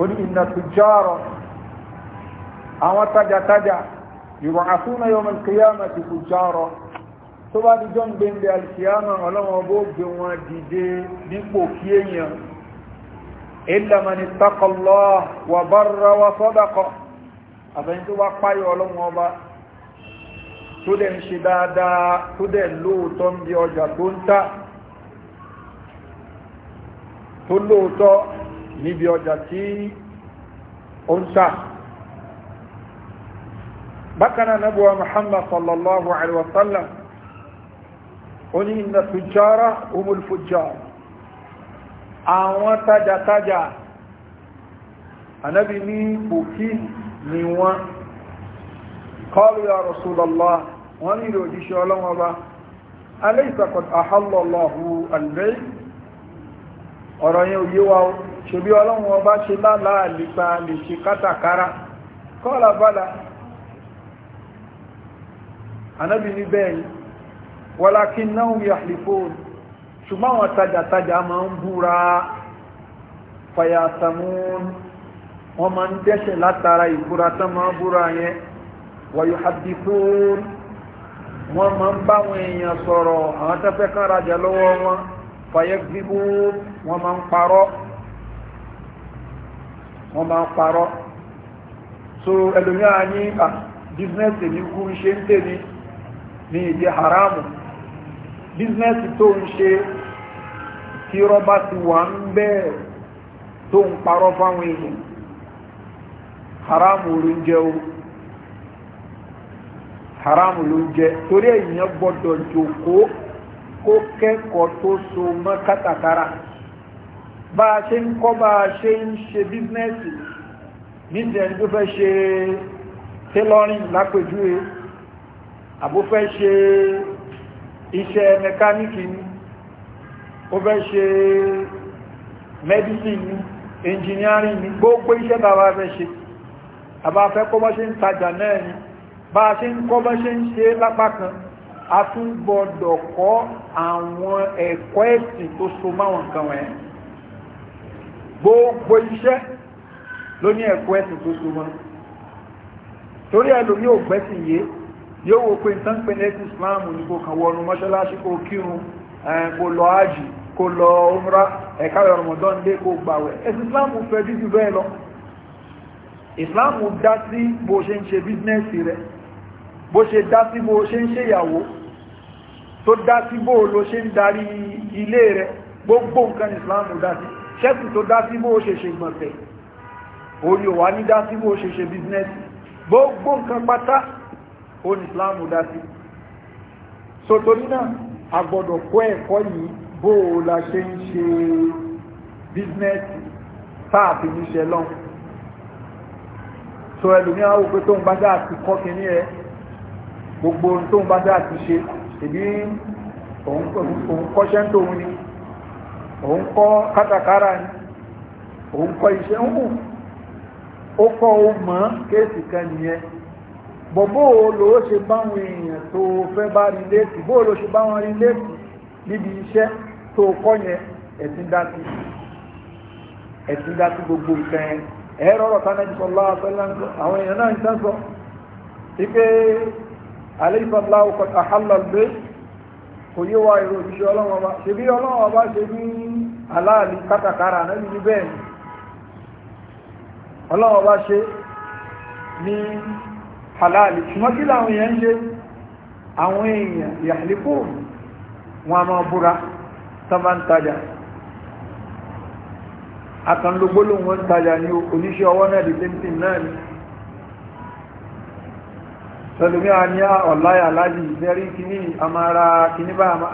oní ìnàtújárọ̀ àwọn tajàtajà ìwọ̀n àfúnà yọmọ kìyàmà ti kù járọ̀ tó bá di jọ́ ń gbé ilẹ̀ alìkìyàmà ọlọ́wọ́n bó gbé wọn dìde nípò kí èèyàn ìlàmàní takọlọ́ wà bára wa sọ́dàkọ́ àfẹ́yìn tó bá páyọ̀ ọlọ́wọ́n ọba tó dẹ̀ ń ṣe dáadáa tó dẹ̀ lóòótọ́ ń bí ọjà tó ń ta tó lóòótọ́ níbi ọjà tí ó ń sáà bákanáà nábúwa muhammad sallallahu alaihi wasallam ó ní iná fujjara umul fujjara àwọn tajataja anábi ní òkí ni wọ́n kọlu ya rasulallah wọ́n ní ìròjíṣẹ́ ọlọ́wọ́ bá aléìsàkọ̀t àhálọ́lọ́hu albẹ́ ọ̀rọ̀ yẹn òyíwá ṣebí ọlọ́run ọba ṣe lálàá àlìpa lè ṣe kátàkárá kọ́ọ̀lá bàlá anábì ní bẹ́ẹ̀ ni wọ́lá kí náà yà àlìfò ṣùgbọ́n àwọn tajàtajà máa ń búra fayasamun wọ́n máa ń dẹ́ṣẹ̀ látara ìbúra tán máa ń búra yẹn wàyò àdìfún wọ́n máa ń báwọn èèyàn sọ̀rọ̀ àwọn tẹ́fẹ́ kan rajà lọ́wọ́ wọn fayẹ́gbígbó wọ́n máa ń parọ́ wọ́n máa parọ́ so ẹlòmíà ní à business èmi kú ṣe ń tèmi ní ìdí haramu business tó ń ṣe ti wà ń bẹ́ẹ̀ tó ń haramu ló ń jẹ́ o haramu ló ń jẹ́ torí èèyàn gbọ́dọ̀ jòkó kó kẹ́kọ̀ọ́ tó so mọ́ kátàkárà. bá a ṣe ń kọ́ bá a ṣe ń ṣe bíznẹ́sì nídìí ẹni tó fẹ́ ṣe tailoring lápèjúwe àbó fẹ́ ṣe iṣẹ́ mẹkáníkì ni ó fẹ́ ṣe medicine ni engineering ni gbogbo iṣẹ́ bàbá fẹ́ ṣe àbá fẹ́ kọ́ bá ṣe ń tajà náà ni bá a ṣe ń kọ́ bá ṣe ń ṣe lápá kan a tún gbọ́dọ̀ kọ́ àwọn ẹ̀kọ́ ẹ̀sìn tó so máwọn kan wọ̀nyẹn gbogbo iṣẹ́ ló ní ẹ̀kọ́ ẹ̀sìn tó so wọn torí ẹlòmí ò gbẹ́sìn yé yóò wo pé nǹkan pé ní ẹ̀sìn Islam ní kò kàn wọnú mọ́ṣáláṣí kò kírun kò lọ ájì kò lọ umra ẹ̀ka Ramadan dé kò gbàwẹ̀ ẹ̀sìn Islam fẹ́ bí jù bẹ́ẹ̀ lọ Islam dá sí bó ṣe ń ṣe bísínẹ́sì rẹ̀ bó ṣe dá sí bó ṣe ń ṣèyàwó tó dá sí bó ló ṣe ń darí ilé rẹ̀ gbogbo nǹkan Islam dá sí ṣẹ́kù tó dá sí bó o ṣe ṣe ìgbọ̀nsẹ̀ orí ò wá ní dá sí bó o ṣe ṣe bísínẹ́sì gbogbo nǹkan pátá ó ní islamu dá sí so torí náà a gbọ́dọ̀ kọ́ ẹ̀kọ́ yìí bó o la ṣe ń ṣe bísínẹ́sì táàfin níṣẹ́ lọ́hùn so ẹlòmí àwọn òpin tó ń bá dáa ti kọ́ kìíní ẹ gbogbo ohun tó ń bá dáa ti ṣe èmi òun kọ́ṣẹ́ ń tòun ni òun kọ́ kátàkárà ni òun kọ́ iṣẹ́ ń hù ó kọ́ ó mọ́ kéèsì kan nìyẹn bọ̀ bóò ló ṣe báwọn èèyàn tó fẹ́ bá rí léèkì bóò ló ṣe báwọn rí léèkì níbi iṣẹ́ tó kọ́ yẹn ẹ̀sìn dátì ẹ̀sìn dátì gbogbo nǹkan ẹ̀rọ ọ̀rọ̀ àwọn èèyàn náà ń alẹ́ kò yé wa èrò òṣìṣẹ́ ọlọ́wọ́ bá ṣe bí ọlọ́wọ́ bá ṣe ní aláàlì kátàkárà náà ní bẹ́ẹ̀ ni ọlọ́wọ́ bá ṣe ní aláàlì ṣùgbọ́n kí làwọn èèyàn ṣe àwọn èèyàn ìyàlípò wọn a máa búra tán ń tajà àtànlógbólóhùn ń tajà ní oníṣẹ́ ọwọ́ náà sọlùmí a ní ọ̀láyà láti ìfẹ́rí kìíní àmàrà kìíní bá àmà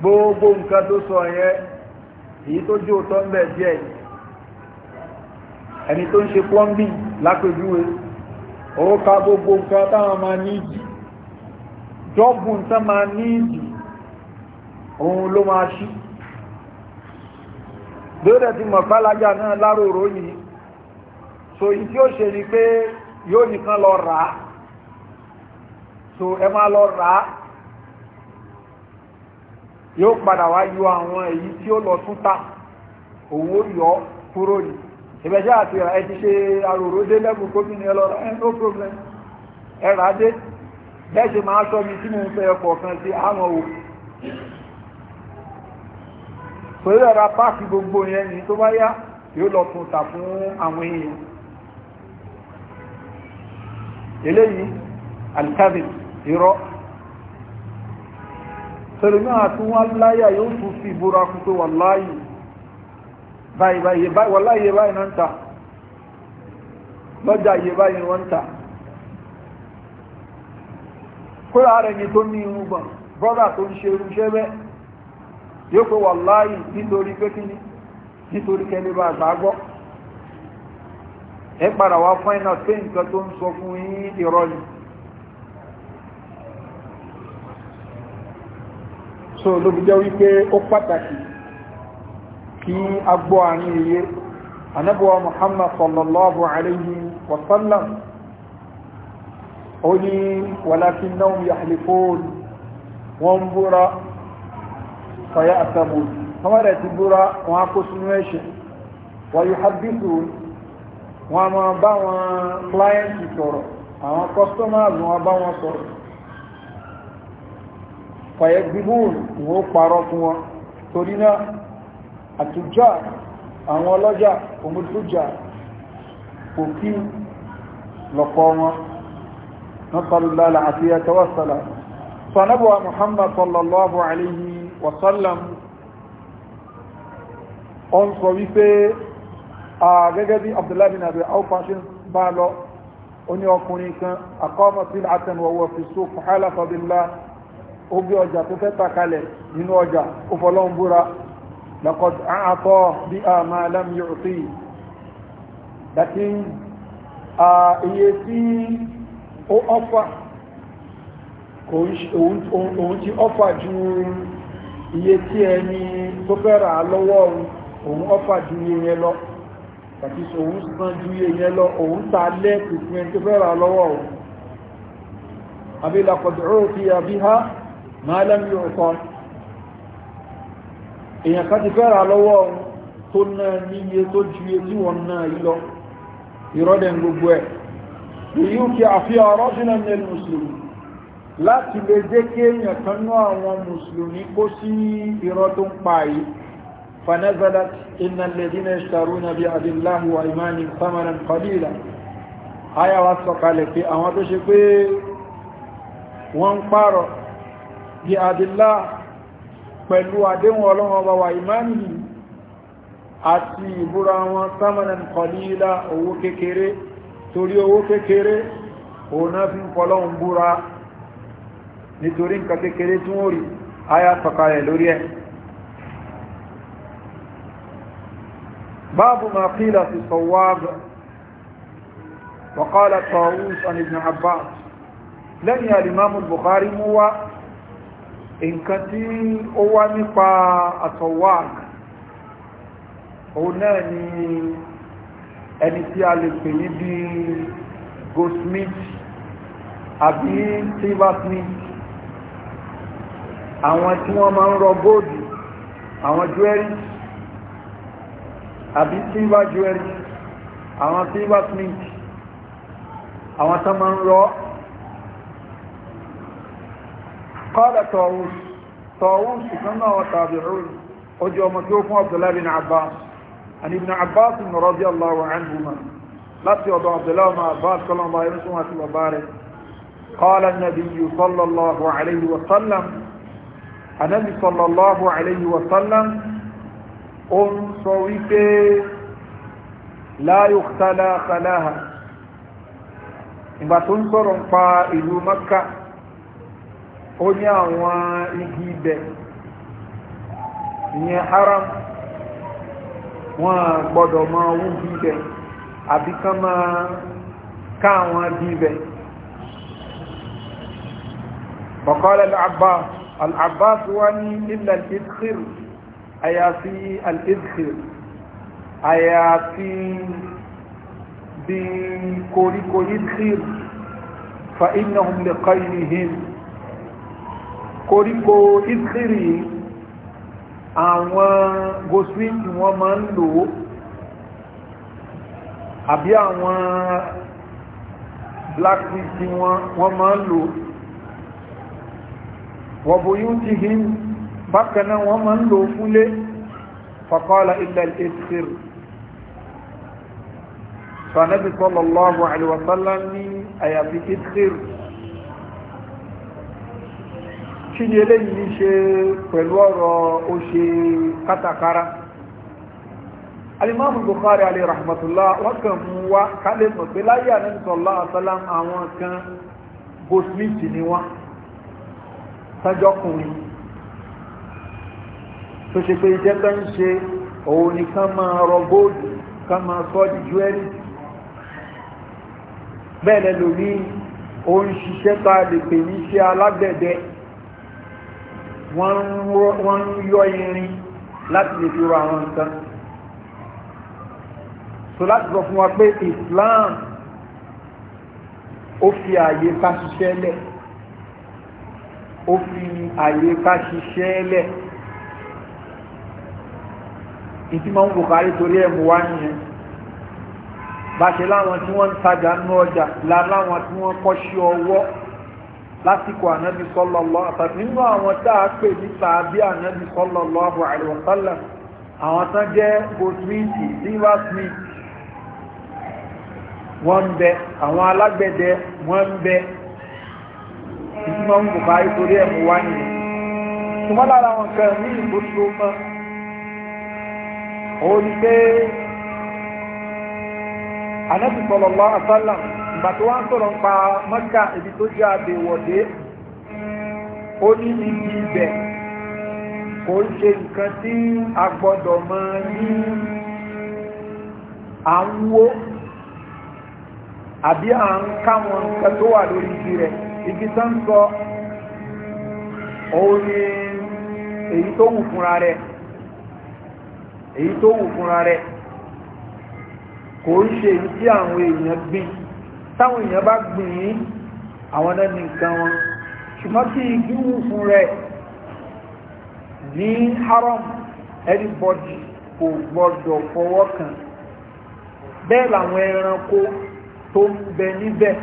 gbogbo nǹkan tó sọ yẹ èyí tó jó tọ́ ń bẹ̀ díẹ̀ ẹni tó ń ṣe plumbing lápèjúwe ó ka gbogbo nǹkan táwọn máa ní ìdí jọ́bù nǹkan máa ní ìdí òun ló máa ṣí lórí ti mọ̀ pálájà náà láròró yìí so ìdí ó ṣe ni pé yóò nìkan lọ rà so ẹ máa lọ rà á yóò padà wá yọ àwọn èyí tí ó lọ tún tà owó yọ kúrò ní ìbẹ̀jẹ́ àti ìrà ẹ ti ṣe àròrò dé gómìnà ẹ ẹ no problem ẹ á dé bẹ́ẹ̀ máa sọ mi tí mo ń fẹ́ ọkọ̀ kan sí àwọn pẹ̀lú irọ́ tẹ̀lẹ̀mí àti wọ́n láyà yóò tún fi ìbúra kún pé wàláyì báyìí wàláyì báyìí náà ń ta lọ́jà yìí báyìí wọ́n ń ta kóra rẹ̀ ni tó ní irun gbọ̀n brọ́dà tó ń ṣe irunṣẹ́ bẹ́ yóò pé wàláyì nítorí pé nítorí kẹ́lẹ́ bá gbàgbọ́ ẹ padà wá fáìnà pé nǹkan tó ń sọ fún yín ìrọ́lì so ló fi jẹ́ wípé ó pàtàkì kí a gbọ́ àárín iye anábọ̀wá muhammad sallallahu alayhi wa sallam ó ní wàlákin náà yahlifun wọ́n ń búra fàyà àtàbò wọ́n rẹ̀ ti búra wọn á kó sínú ẹ̀ṣẹ̀ wọ́n yóò hábìtù wọn a máa bá wọn client sọ̀rọ̀ àwọn customers wọn a bá wọn sọ̀rọ̀ fàyẹ gbígbóòn ìwọ́n parọ́ fún wọn torí náà àtújá àwọn ọlọ́jà òmùtújà òkí lọ̀pọ̀ wọn nọ́tọ̀lọ́lá àti ẹ̀tọ́wọ́sọ̀lá sọ̀nàbọ̀wà muhammad sallallahu alayhi wa sallam ọ ń sọ wípé gẹ́gẹ́ bí abdullahi bin ó ọjà tó fẹ́ ta nínú ọjà ó fọlọ́n búra laqad a'ata biha ma lam yu'ti dàtí iye tí ó ọ́fà òun ti ọ́fà ju iye tí ẹni tó fẹ́ lọ́wọ́ òun ọ́fà ju iye lọ àti òun san ju iye lọ òun ta lẹ́ẹ̀kì fún ẹni tó fẹ́ lọ́wọ́ òun máa lẹ́mí ọ̀kan èèyàn ká ti fẹ́ra lọ́wọ́ tó náà níye tó ju etí wọn náà ilọ́ ìrọ́dẹ̀ gbogbo ẹ̀ èyí kí àfihàn ọ̀rọ̀ sínú ẹni mùsùlùmí láti lè jẹ́ kí èèyàn kan ná àwọn mùsùlùmí kó sí irọ́ tó ń pa yìí فنزلت إن الذين يشترون بعد الله وإيمان ثمنا قليلا آية واسقالك في أمام تشكي وانقاروا bí adìlá pẹ̀lú àdéhùn ọlọ́wọ́n bá wà ìmáàmì àti ìbúra wọn samanan kọlílá owó kékeré torí owó kékeré òun náà fi ń kọlọ́hun búra nítorí nǹkan kékeré tí wọ́n rí ayá tọ́ka rẹ̀ lórí ẹ̀ باب ما قيل في الصواب وقال الطاووس عن ابن عباس لن يا الإمام البخاري هو nǹkan tí ó wá nípa àtọ̀wák òun náà ni ẹni tí a lè pè ní bí goldsmith àbí silversmith àwọn tí wọ́n máa ń rọ góòdù àwọn jewelry àbí silver jewelry àwọn silversmith àwọn tó máa ń rọ kọ́lá tọ́wùs tọ́wùs kan náà wà tàbíhùn ojú ọmọ tí ó fún abdullahi bin abbas àni ibn abbas bin rọ́bí allahu anhuma láti ọ̀dọ̀ abdullahi bin abbas kọ́lọ́mbà yẹn sún àti bàbá rẹ̀ kọ́lá nàbí yìí sallallahu alayhi wa sallam anabi sallallahu alayhi wa sallam ó ń sọ wípé láyò tálá tálá ìgbà tó ń sọ̀rọ̀ ń pa ìlú makka ó ní àwọn igi ibẹ̀ ìyẹn haram wọn gbọ́dọ̀ máa wú bí ibẹ̀ àbí kán máa ká àwọn bí ibẹ̀ bọ̀kọ́lẹ̀ al-abbas al wá ní ilẹ̀ al àyàfi al àyàfi bí koríko idkhir fa innahum liqaynihim koríko ìsírì àwọn goswinki wọ́n máa ń lò ó àbí àwọn blacksmith wọ́n máa ń lò wọ́n bóyú ti hin bákaná wọ́n máa ń lò fúnlé fàkọ́lá ilẹ̀ ìsìr sànẹ́bí sọ́lọ̀lọ́wọ́ àlèwàsálá ní àyàfi ìsìr kí ni eléyìí ṣe pẹ̀lú ọ̀rọ̀ ó ṣe kátàkárá alimami bukhari alayhi rahmatulah wọn kàn mú wa kálẹ̀ mọ̀ pé láyé ànánisọ̀lá àsálàm àwọn kan goldsmith ni wọn sájọkùnrin tó ṣe pé iṣẹ́ tó ń ṣe òun ni ká máa rọ góòdù ká máa sọ di jewelry bẹ́ẹ̀ lẹ́lòmíì ó ṣiṣẹ́ tá lè pè ní iṣẹ́ alágbẹ̀dẹ wọ́n ń yọ irin láti lè fi rọ àwọn nǹkan so láti sọ fún wa pé Islam ó fi àyè ká ṣiṣẹ́ lẹ̀ ó fi àyè ká ṣiṣẹ́ lẹ̀ ìtí máa ń bùkárí torí ẹ̀ mú wá nìyẹn bá ṣe láwọn tí wọ́n ń tajà nú ọjà láláwọn tí wọ́n kọ́ sí ọwọ́ lásìkò ànábi sallallahu àtàkì nínú àwọn tá a pè ní sàábí ànábi sallallahu alaihi wasallam àwọn tán jẹ́ gosmiti silver smith wọ́n ń bẹ àwọn alágbẹ̀dẹ wọ́n ń bẹ ìtumọ̀ ń bùbá ìtorí ẹ̀mú wá nìyẹn ṣùgbọ́n lára wọn kan ní ìbò tó mọ́ òun ni pé ànábi sallallahu àtàlà bàtí wọ́n sọ̀rọ̀ ń pa mọ́kà ibi tó jẹ́ àbẹ̀wọ̀dé ó ní ibi ibẹ̀ kò ń ṣe nǹkan tí a gbọ́dọ̀ mọ́ ní à ń wó àbí à ń káwọn nǹkan tó wà lórí ibi rẹ̀ ibi tó ń sọ òun ni èyí tó wù fúnra rẹ̀ èyí tó wù fúnra rẹ̀ kò ń ṣe èyí tí àwọn èèyàn gbìn táwọn èèyàn bá gbìn ín àwọn náà ní nǹkan wọn ṣùgbọ́n tí igi fún rẹ̀ ní haram everybody kò gbọ́dọ̀ fọwọ́ kàn bẹ́ẹ̀ làwọn ẹranko tó ń bẹ níbẹ̀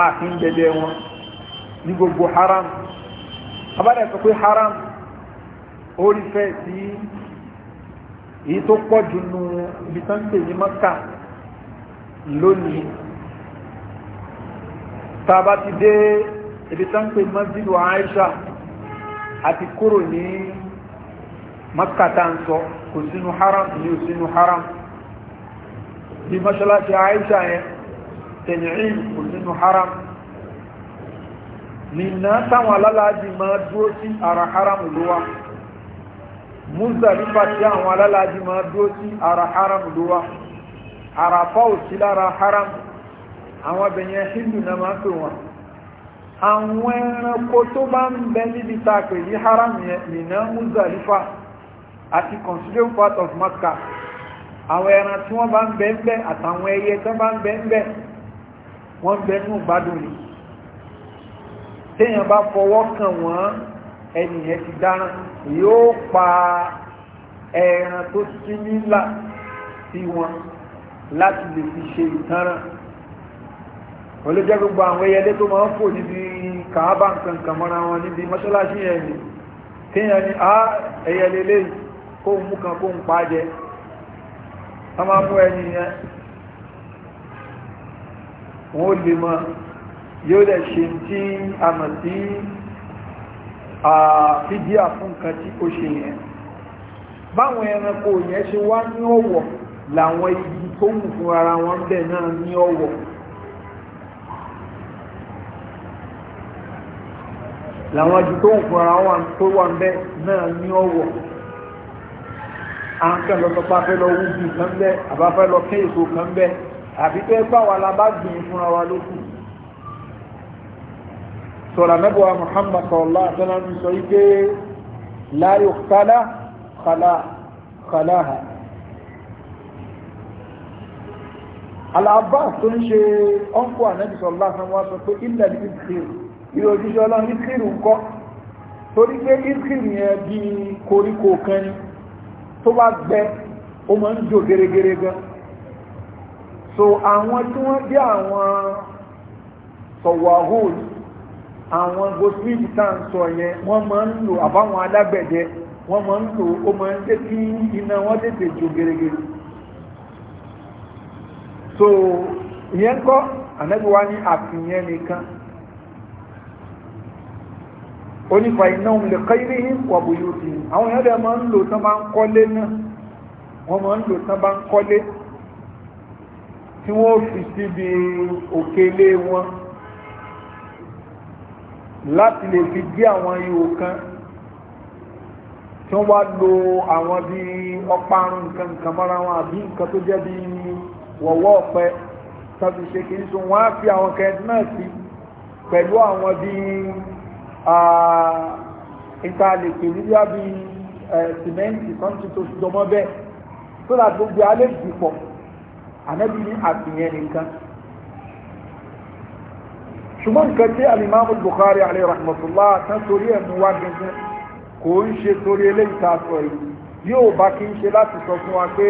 ààfin dẹ̀dẹ̀ wọn ní gbogbo haram abádẹ́ sọ pé haram orí fẹ́ sí èyí tó pọ̀ jù nù ibi tán pè ní mọ́kà lónìí tàbá ti dé ibi tán pé masjidu aisha àti kúrò ní makata ń sọ kò sínú haram ní ò sínú haram bí mọ́ṣálásí aisha yẹn tẹ̀yìn kò sínú haram nìna táwọn alálàájì máa dúró sí ara haramu ló wá Muzdalifa tí àwọn alálàájì máa dúró sí ara haramu ló wá àràfá ò sí lára haram àwọn abẹ̀yẹn hindu na máa pè wọ́n àwọn ẹranko tó bá ń bẹ níbi tá a pè ní haram yẹn nìna muzalifa àti considerable part of maka àwọn ẹran tí wọ́n bá ń bẹ ń bẹ àtàwọn ẹyẹ tó bá ń bẹ ń bẹ wọ́n bẹ nù gbádùn ni téèyàn bá fọwọ́ kàn wọ́n ẹnìyẹn ti dáràn yóò pa ẹran tó sí nílà sí wọn. láti lè fi ṣe ìtanràn pẹ̀lú jẹ́ gbogbo àwọn ẹyẹlé tó máa ń fò níbi kàábà nǹkan kan mọ́ra wọn níbi mọ́ṣáláṣí yẹn ni ni a ẹyẹlé lè kó mú kan kó ń pa jẹ a máa mú ẹni yẹn wọ́n lè mọ yóò dẹ̀ ṣe tí a mọ̀ sí fún nǹkan tí ó ṣe yẹn làwọn igi tó wù fún ara wọn bẹ̀ náà ní ọ̀wọ̀ làwọn igi tó wù fún ara wọn tó wà ń bẹ̀ náà ní ọ̀wọ̀ à ń kẹ́ lọ sọ pé a fẹ́ lọ wú bí kan bẹ́ àbá fẹ́ lọ kẹ́ èso kan bẹ́ àbí tó bá wa la bá gbìn fúnra wa ló kù sọ̀rọ̀ mẹ́bọ̀ Muhammad sọ̀rọ̀lá àtọ́nà ń sọ ike láyò kálá kálá kálá ha. aláàbá tó ń ṣe ọ́nkọ́ ànẹ́bìsọ̀ lásán wá sọ yẹn kan gbe ma so àwọn tí wọ́n bí àwọn sọ̀wàhóòd àwọn gosmith tá sọ yẹn wọ́n ń lò àbáwọn alágbẹ̀dẹ wọ́n ń lò ń iná wọ́n so ìyẹn kọ́ ànábì wa ní àfihàn nìkan onífà iná òun lè kọ́ ilé yìí wà bóyá ó ti yìn àwọn èèyàn dẹ̀ máa ń lò tán bá ń kọ́lé náà wọ́n máa ń lò tán bá ń kọ́lé tí wọ́n fi síbi òkèlé wọn láti lè fi gé àwọn ihò kan tí wọ́n wá lo àwọn bí ọparun nǹkan nǹkan mọ́ra wọn àbí nǹkan tó jẹ́ bíi wọ̀wọ́ ọ̀pẹ tàbí ṣe kìí sun wọ́n á fi àwọn kẹ́ẹ̀dì náà sí pẹ̀lú àwọn bí ìtàlẹ̀kì nígbà bí sìmẹ́ǹtì kan ti tó jọmọ́ bẹ́ẹ̀ tó dà gbogbo alẹ́ dìpọ̀ ànábì ní àfihàn nìkan ṣùgbọ́n nǹkan tí alimami Bukhari alayhi rahmatullah tán torí ẹ̀ mú wá gẹ́gẹ́ kò ń ṣe torí eléyìí tá a sọ yìí yóò bá kí ń ṣe láti sọ fún wa pé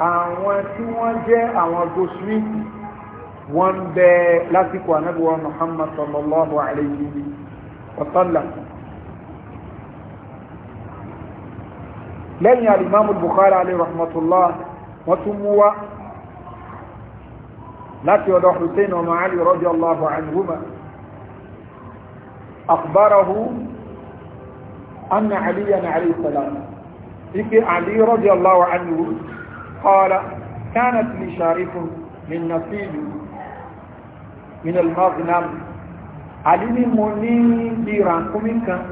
àwọn tí wọ́n jẹ́ àwọn gosiriki wọ́n bẹ lásìkò anábíwá muhammad sallallahu alayhi wa sallam lẹ́yìn alimamu bukhari alayhi rahmatullah wọ́n tún mú wá láti ọ̀dọ̀ hussein ọmọ ali radiyallahu anhuma akbarahu anna aliyan alayhi salam ike ali radiyallahu anhu قال كانت لي شريف من نصيب من المغنم àlí مني mo ní bí ràkúnmí kan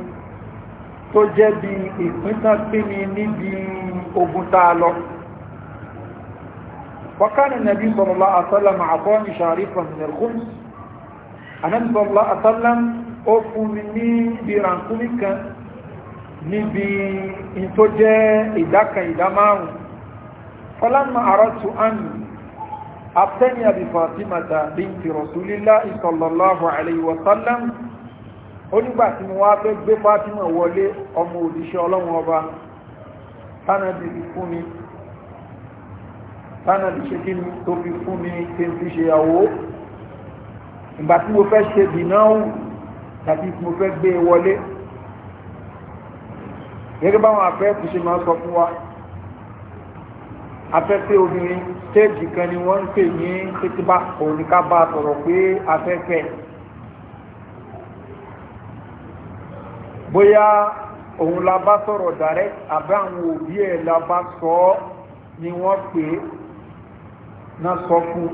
وكان النبي صلى الله عليه وسلم أعطاني شريفا من الخمس النبي صلى الله عليه وسلم أفني برانكمك نبي ìtó jẹ́ ìdáka ìdámárùn فلما أردت أن أبتني بفاطمة بنت رسول الله صلى الله عليه وسلم onígbà tí mo wá fẹ́ gbé fátímọ̀ wọlé ọmọ òdíṣẹ́ ọlọ́run ọba tánàbí fún mi tánàbí ṣe kí ni tó fi fún mi tí n fi ṣe àwò ìgbà tí mo fẹ́ ṣe dìnáwù tàbí tí mo fẹ́ gbé wọlé gẹ́gẹ́ báwọn afẹ́ kù ṣe máa sọ fún wa afẹ́fẹ́ obìnrin stéèjì kan ni wọ́n ń pè ní títíbá òun ni ká bá a sọ̀rọ̀ pé afẹ́fẹ́ bóyá òun la bá sọ̀rọ̀ direct àbẹ́ àwọn òbí ẹ̀ la bá sọ ọ́ ni wọ́n pè é náà sọ fún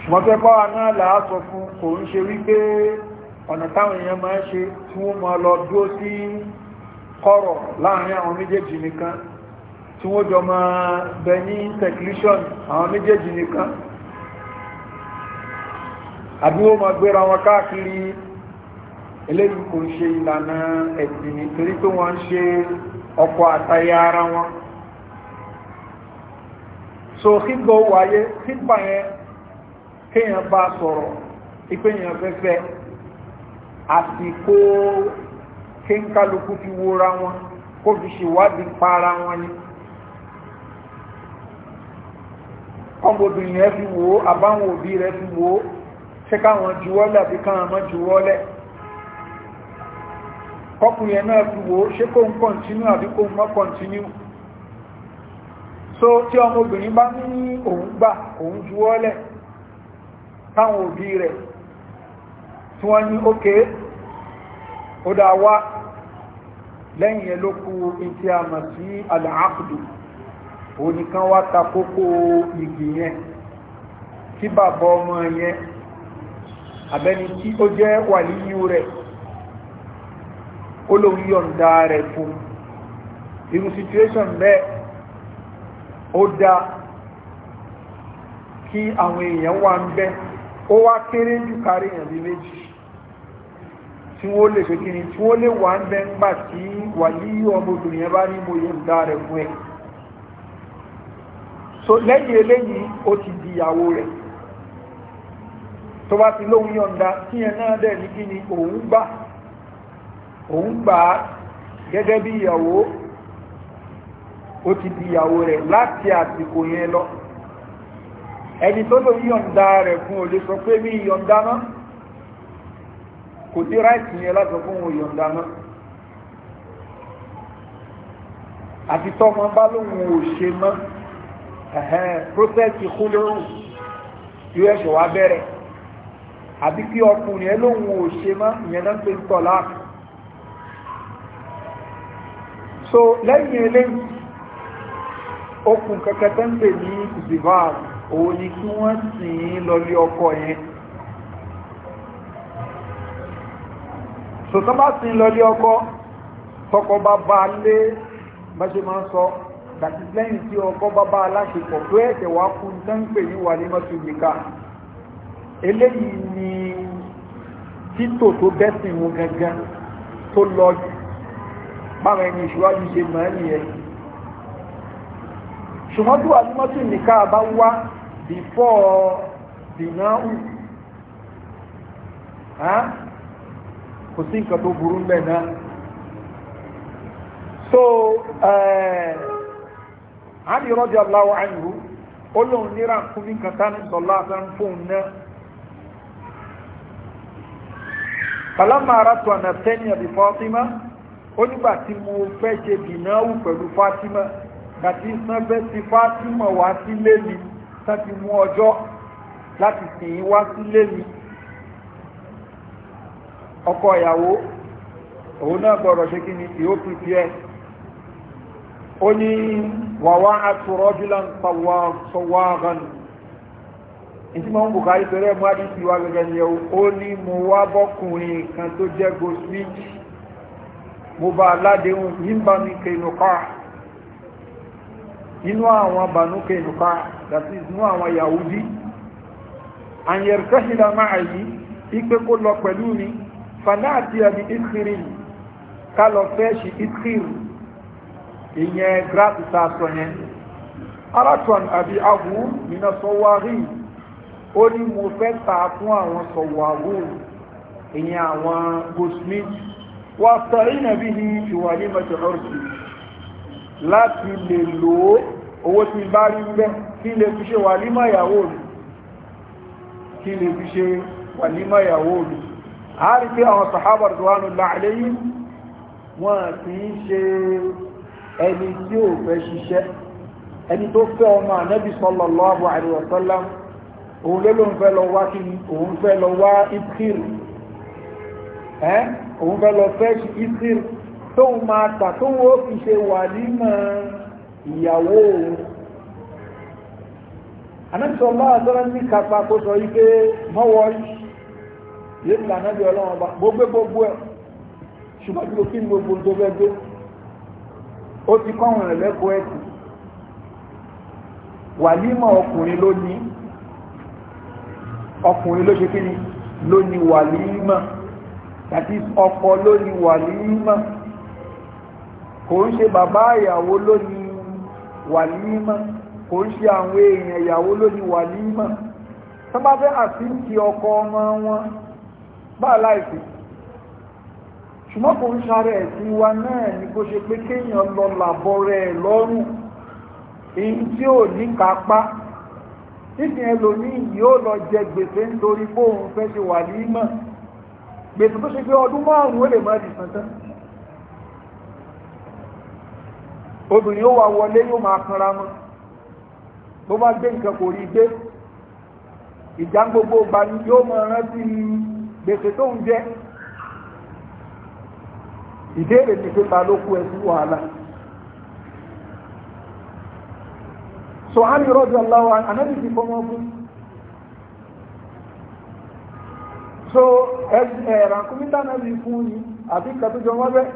ṣùgbọ́n fẹ́ báwa náà là á sọ fún kò ń ṣe wípé ọ̀nà táwọn èèyàn máa ń ṣe tí wọ́n máa lọ dúró sí kọ̀rọ̀ láàrin àwọn méjèèjì nìkan tí wọ́n jọ máa bẹ ní seclusion àwọn méjèèjì nìkan àbí wọ́n gbéra wọn káàkiri eléyìí kò ṣe ìlànà ẹ̀sìn nítorí pé wọ́n ṣe ọkọ̀ àtayé ara wọn so kígbọ́ wáyé kígbà yẹn kéèyàn bá sọ̀rọ̀ ìpéyàn fẹ́fẹ́ àsìkò kéńkálukú fi wóra wọn kó fi ṣèwádìí ara wọn ni. kọ́mọbìnrin yẹn fi wò ó àbáwọn òbí rẹ̀ fi wò ó ṣé káwọn juwọ́lẹ̀ àbí káwọn mọ́ juwọ́lẹ̀ kọkùnrin yẹn náà fi wò ó ṣé kó ń kọ́ntínú àbí kó ń mọ́ kọ́ntínú so tí ọmọbìnrin bá ní òun gbà òun juwọ́lẹ̀ táwọn òbí rẹ̀ tí wọ́n ní ókè ó dá wá lẹ́yìn ẹ̀ ìtí àmà sí àlàáfùdù oníkan wá ta kókó igi yẹn tí bàbá ọmọ yẹn àbẹ́ni tí ó jẹ́ wàlíyú rẹ̀ ó lóun yọ̀ǹda rẹ̀ fún irú situation bẹ́ẹ̀ ó dá kí àwọn èèyàn wà ń bẹ́ ó wá kéré jù kárí èèyàn bí méjì tí wọ́n lè ṣe kí ni tí wọ́n lè wà ń bẹ́ ńgbà tí wàlíyú ọmọ obìnrin yẹn bá ní mo yọ̀ǹda rẹ̀ fún ẹ̀ so lẹ́yìn eléyìí ó ti di ìyàwó rẹ̀ tó bá ti lóhun yọ̀nda tí ẹ náà dẹ̀ ní kí ni òun gbà òun gbà gẹ́gẹ́ bí ìyàwó ó ti di ìyàwó rẹ̀ láti àsìkò yẹn lọ ẹni tó lóhun yọ̀nda rẹ̀ fún olè sọ pé mi yọ̀nda náà kò dé ráìtì yẹn láti fún òun yọ̀nda náà àti tọ́mọ bá lóhun ò ṣe mọ́ prọfẹ̀tì kúlóòrùn yóò ẹ̀ṣẹ̀ wá bẹ̀rẹ̀ àbí kí ọkùnrin ẹ lóun ò ṣe mọ́ ìyẹn náà pé ń tọ̀ láàkù so lẹ́yìn eléyìí okùn kẹkẹ tẹ́ ń pè ní zivar òun ni kí wọ́n sìn ín lọlé ọkọ yẹn so tọ́ bá sìn lọlé ọkọ tọkọ bá ba lé bá ṣe máa ń sọ tàbí lẹ́yìn tí ọkọ bábá aláṣepọ̀ tó ẹ̀tẹ̀ wá kú tánpè ní wà ní mọ́tò nìka eléyìí ni títò tó bẹ́sìn mu gangan tó lọ báwọn ẹni ìṣíwájú ṣe mọ̀ ẹ́ nìyẹn ṣùgbọ́n tó wà ní mọ́tò nìka bá wá bífọ́ dìnáhù kò sí nǹkan tó burú mẹ́ náà so uh, ali radiyallahu anhu ó lóun ní ràkúnmí kan tánú sọlá tán fóun náà kàlámà arátu ànàtẹ́nìyà bí fátímà ó nígbà tí mo fẹ́ ṣe dìnáwù pẹ̀lú fátímà na sàn fẹ́ ti fátímà wá sílé mi tán ti mú ọjọ́ láti sìn wá sílé mi ọkọ ìyàwó òun náà gbọ́dọ̀ ṣe kí ni Oni ní wàwá àtúrọ́júlan sọwágan ìtí ma ń bùkárí tẹ́rẹ mú àdísí wa gẹ́gẹ́ ni ó ní mo wá bọ́kùnrin kan tó jẹ́ gosmith mo bá aládéhùn yínbá mi kẹ́nùká inú àwọn bànú kẹ́nùká that is inú àwọn yahudi àyẹ̀rẹ́kẹ́sìlá máa yìí ipé kó lọ pẹ̀lú mi fanáàtì àbí ìkìrì ká lọ fẹ́ ṣe ìkìrì ìyẹn gíráàsì tá a sọ yẹn araton àbí ahu nínú sọwárì ó ní mo fẹ́ ta fún àwọn sọwárò ìyẹn àwọn goldsmith wà sọ̀rí nàbí ní ìwà ní mẹtẹ̀lọ́sì láti lè lò ó owó tí bá rí bẹ́ kí lè fi ṣe wà nímọ̀ ìyàwó mi kí lè fi ṣe wà nímọ̀ ìyàwó mi a rí pé àwọn sàhábàrù wà wọ́n ti ń ṣe ẹni tí ò fẹ́ ṣiṣẹ́ ẹni tó fẹ́ ọmọ ànábì sallallahu alaihi wasallam òun ló ló ń fẹ́ lọ wá kíni òun fẹ́ lọ wá ìpìr ẹ́ òun fẹ́ lọ fẹ́ ṣe ìpìr tóun máa tà tóun ó fi ṣe wà nímọ̀ ìyàwó òun ànábì sallallahu alaihi ní gbogbo tó fẹ́ o ti kọ́ àwọn ẹ̀lẹ́kọ̀ọ́ ẹ̀sìn wàlímọ̀ ọkùnrin ló ní ọkùnrin ló ṣe kí ni ló ní ọkọ ló ní wàlímọ̀ kò ń ṣe bàbá ìyàwó ló ní wàlímọ̀ kò ń ṣe àwọn èèyàn ìyàwó ló ní fẹ́ àti ń ọkọ ọmọ wọn bá láìsí ṣùgbọ́n kò ń ṣàrẹ̀ ẹ̀sìn wa náà ni kó ṣe pé kéèyàn lọ làbọ̀ rẹ̀ lọ́rùn èyí tí ò ní kápá nísìn ẹlòmíì yóò lọ jẹ gbèsè nítorí bóun fẹ́ ṣe wà ní mọ̀ gbèsè tó ṣe pé ọdún márùn-ún ó lè má di san obìnrin ó wà wọlé yóò máa kanra mọ́ bó bá gbé nǹkan kò rí gbé ìjà gbogbo ìgbà yóò máa rántí gbèsè tóun jẹ ìbéèrè ni pé ta ló kú ẹsí wàhálà sọ̀hánì rọ́jò aláwọ̀ anábì ti fọmọ fún so ẹ̀rànkúmítà náà rí fún yìí àti kàtújọ wọ́n bẹ́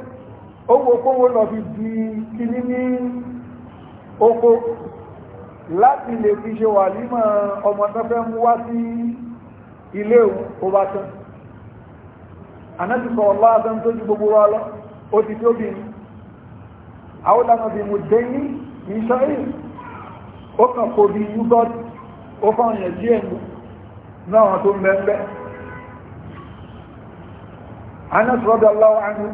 ó wo kówó lọ fi di kíní ní oko láti lè fi ṣe wà nímọ̀ ọmọ gbogbo wa ó ti tó bí àwọ́lànà bí mo dé ní ìṣọ́rí ó kàn kò bí yúgọ́t ó fáwọn èèyàn díẹ̀ mú náà tó mẹ́gbẹ́ anas rọ́dọ̀ aláwọ̀ ánú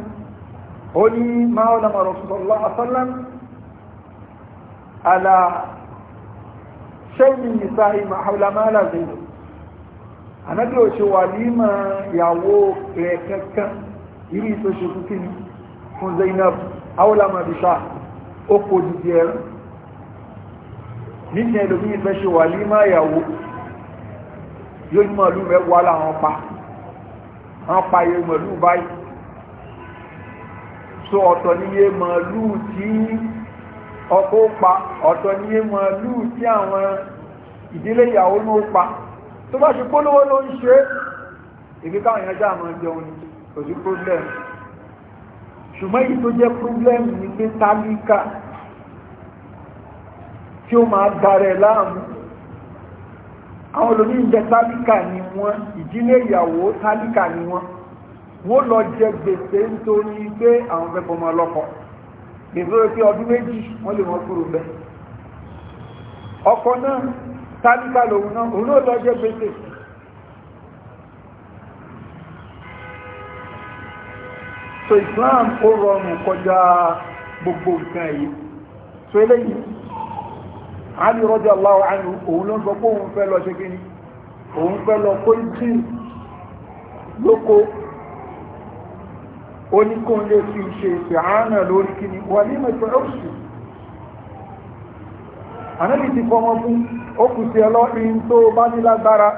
ó ní máa lọ́mọ rọ̀sọ̀lọ́ asọ́lám àlà ṣẹ́yìn nìsa ìmọ̀ ṣe wà ní ni fún zainab aulamadisha ó kò dìdì ẹ̀rọ nínú ẹlòmí ìfẹ́ ṣe wà límá ìyàwó yóò ní mọ̀lú mẹ́wàá láwọn pa wọ́n pa iye mọ̀lú báyìí so ọ̀tọ̀ níye mọ̀lú tí ọkọ pa ọ̀tọ̀ níye mọ̀lú tí àwọn ìdílé ìyàwó ló pa tó bá ṣe polówó ló ń ṣe èmi káwọn èèyàn àmọ́ jẹun kò sí problem ṣùgbọ́n èyí tó jẹ́ problem ni pé tálíkà tí ó máa darẹ̀ láàmú àwọn olóyìn jẹ tálíkà ni wọ́n ìdílé ìyàwó tálíkà ni wọ́n wọ́n lọ jẹ gbèsè nítorí pé àwọn fẹ́ fọmọ ọlọ́kọ gbèsè rẹ̀ pé ọdún méjì wọ́n lè wọ́n kúrò bẹ́ẹ̀ ọkọ náà tálíkà lòun náà òun náà lọ jẹ gbèsè so islam ó rọrùn kọjá gbogbo nǹkan yìí so eléyìí ali radiyallahu anhu òun ló ń sọ pé òun fẹ́ lọ ṣe kíni òun fẹ́ lọ kó lóko oníkóhun lè fi ṣe ìfẹ̀hánà lórí wà ní mẹ́fẹ́ òṣù ti fọmọ fún ó kù sí tó bá ní lágbára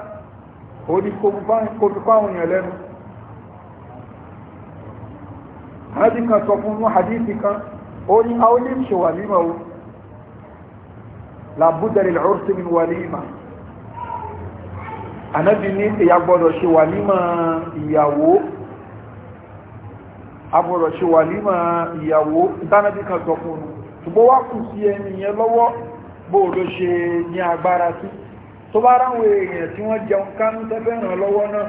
àti kan sọ fún inú hadithi kan ó ní a ó lè ṣe wà nímọ̀ o làbúdẹ̀rẹ̀ lọ́rùsí mi wà nímọ̀ ànábi ní ìyá gbọ́dọ̀ ṣe wà nímọ̀ ìyàwó agbọ́dọ̀ ṣe wà nímọ̀ ìyàwó ìtànàbí kan sọ fún un ṣùgbọ́n wá kù sí ẹni yẹn lọ́wọ́ bó ló ṣe ní agbára sí tó bá ráwọn èèyàn tí wọ́n jẹun kánú tẹ́fẹ́ ràn lọ́wọ́ náà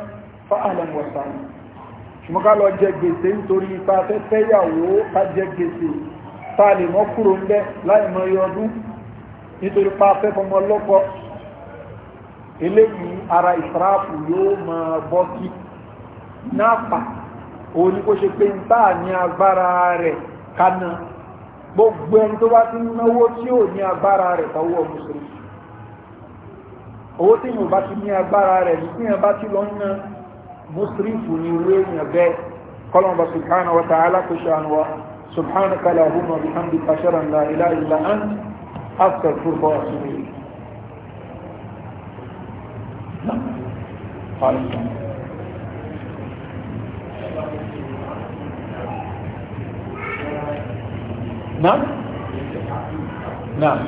fáàlẹ̀ wọ̀sánù ṣùgbọ́n ká lọ jẹ gbèsè nítorí ipa afẹ́fẹ́ ìyàwó ká jẹ gbèsè tá lè mọ́ kúrò ń bẹ́ láì mọ iye ọdún nítorí pa afẹ́fẹ́ ọmọ lọ́kọ eléyìí ara ìsirafu yóò máa bọ́ sí náàpà òun ni kó ṣe pé ń tà ní agbára rẹ̀ kaná gbogbo ẹni tó bá ti náwó tí ò ní agbára rẹ̀ tọwọ́ mùsùlùmí owó tí yóò bá ti ní agbára rẹ̀ nígbìyànjú bá ti lọ ń náà مصرف نيوين يبي قال الله سبحانه وتعالى كشان سبحانك لا هم اشهد ان لا اله الا انت استغفرك فرقا سبيل نعم. قال نعم نعم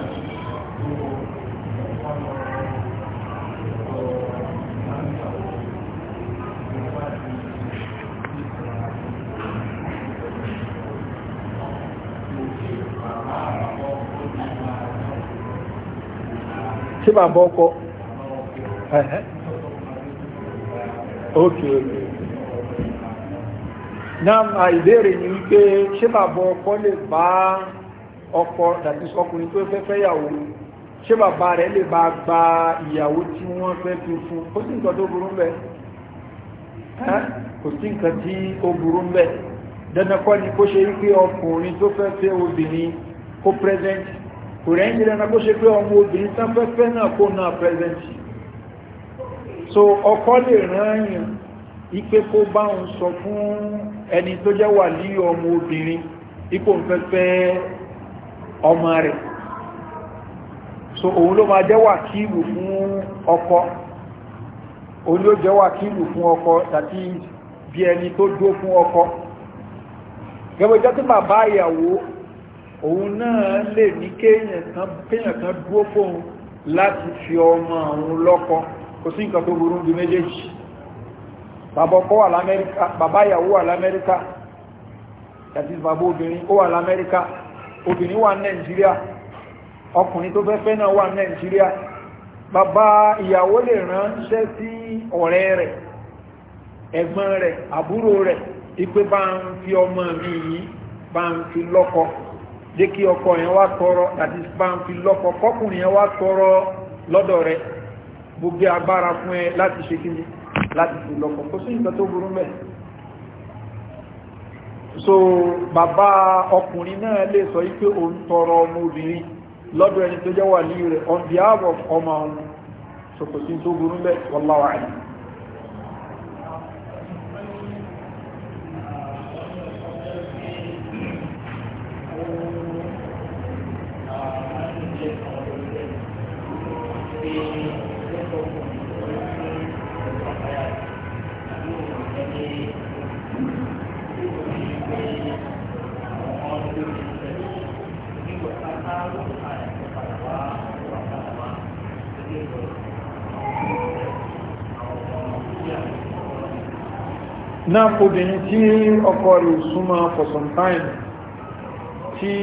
bàbá ọkọ ókè ókè náà ìbéèrè ni wípé ṣé bàbá ọkọ lè bá ọkọ tàbí ọkùnrin tó fẹ́ fẹ́yàwó ṣé bàbá rẹ̀ lè bá gba ìyàwó tí wọ́n fẹ́ fi fún ó sì nǹkan tó burú bẹ́ẹ̀ kò sí nǹkan tí ó burú bẹ́ẹ̀ dandan kọ́ ni kó ṣe wípé ọkùnrin tó fẹ́ fẹ́ obìnrin kó pẹ́sẹ́ntì kò rẹ́yìn lẹ́nà kó ṣe pé ọmọ obìnrin tán fẹ́fẹ́ náà kó náà pẹ́sẹ̀ntì so ọkọ lè rányìn ipé kó bá ń sọ fún ẹni tó jẹ́ wà ní ọmọ obìnrin ipò ń fẹ́fẹ́ ọmọ rẹ̀ so òun ló máa jẹ́ wàkíìlù fún ọkọ òun ló jẹ́ wàkíìlù fún ọkọ tàbí bí ẹni tó dó fún ọkọ gẹ́gẹ́ jẹ́ tí bàbá ìyàwó òun náà lè ní kéèyàn kan dúó fóun láti fi ọmọ àwọn lọ́kọ kò sí nǹkan tó burú bí méjèèjì bàbọ́kọ́ wà l'Amẹ́ríkà bàbá ìyàwó wà l'Amẹ́ríkà yàtí bàbá obìnrin ó wà l'Amẹ́ríkà obìnrin wà Nàìjíríà ọkùnrin tó fẹ́fẹ́ náà wà Nàìjíríà bàbá ìyàwó lè ránṣẹ́ sí ọ̀rẹ́ rẹ̀ ẹ̀gbọ́n rẹ̀ àbúrò rẹ̀ ipé bá ń fi ọmọ mi yìí bá ń fi lọ́kọ jẹ́ kí ọkọ yẹn wá tọrọ àti spampi lọ́kọ kọkùnrin yẹn wá tọrọ lọ́dọ̀ rẹ gbogbo agbára fún ẹ láti ṣe kí ni láti fi lọ́kọ kó sí nǹkan tó burú mẹ́ so bàbá ọkùnrin náà lè sọ wípé òun tọrọ ọmọ lọ́dọ̀ ẹni tó jẹ́ wà ní rẹ̀ on behalf of ọmọ ọmọ so kò sí tó burú mẹ́ wallahu a'lam náà obìnrin tí ọkọ rẹ̀ súnmọ́ for some time tí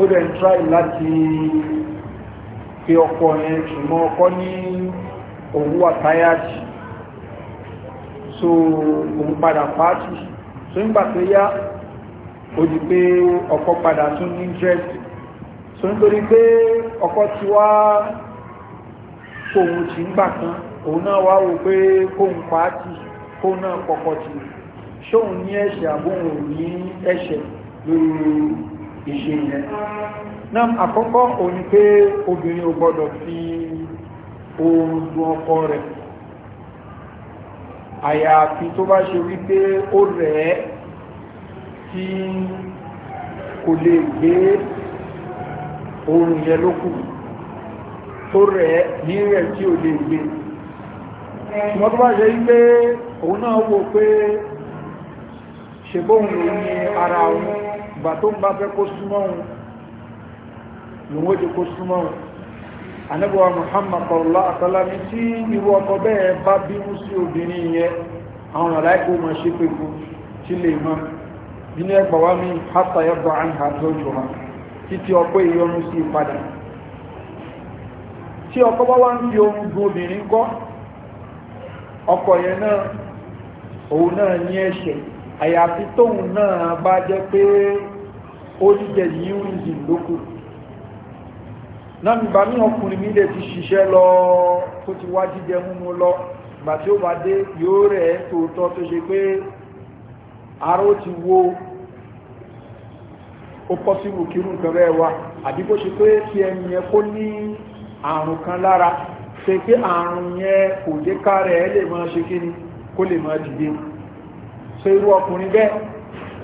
ó dẹ̀ ń try láti pe ọkọ yẹn ṣùgbọ́n ọkọ ní òun wà táyàjì so òun padà pàátì so nígbà tó yá ó di pé ọkọ padà tún ní interest so nítorí pé ọkọ ti wá kóhun tí ń gbà kan òun náà wá wò pé kóhun pàátì kóhun náà kọ́kọ́ ti rí ṣóun ní ẹ̀ṣẹ̀ àbóhùn ní ẹ̀ṣẹ̀ lórí ìṣe yẹn náà àkọ́kọ́ o ní pé obìnrin ò gbọ́dọ̀ fi oorun du ọkọ rẹ̀ àyàfi tó bá ṣe wípé ó rẹ̀ tí kò lè gbé oorun yẹn lókù tó rẹ̀ ní rẹ̀ tí ò lè gbé ṣùgbọ́n tó bá ṣe wípé òun náà wò pé ṣègbóhùn ló ní ara òun ìgbà tó ń bá fẹ́ kó súnmọ́ Muhammad kọ̀ọ̀lá àtọ́lámi tí irú ọkọ̀ bẹ́ẹ̀ bá bínú sí obìnrin yẹn àwọn màláìkò mọ̀ ṣe mi hátà yọgbà àǹhà tó jù wá títí ọkọ̀ ìyọnu sí padà tí ọkọ̀ ohun àyàfi tóun náà bá jẹ́ pé oúnjẹ yìí ń rìn lókù náà nígbà ní ọkùnrin mi lè ti ṣiṣẹ́ lọ tó ti wá jíjẹ múmu lọ ìgbà tí ó bá dé yóò rẹ̀ tòótọ́ tó ṣe ti wo ó kọ́ sí ìrùkírù nǹkan wa àbí kó ṣe pé kí ẹni yẹn kó kan lára ṣe pé àrùn yẹn kò jẹ́ ká rẹ̀ lè máa ṣe ni kó lè máa dìde so irú ọkùnrin bẹ́ẹ̀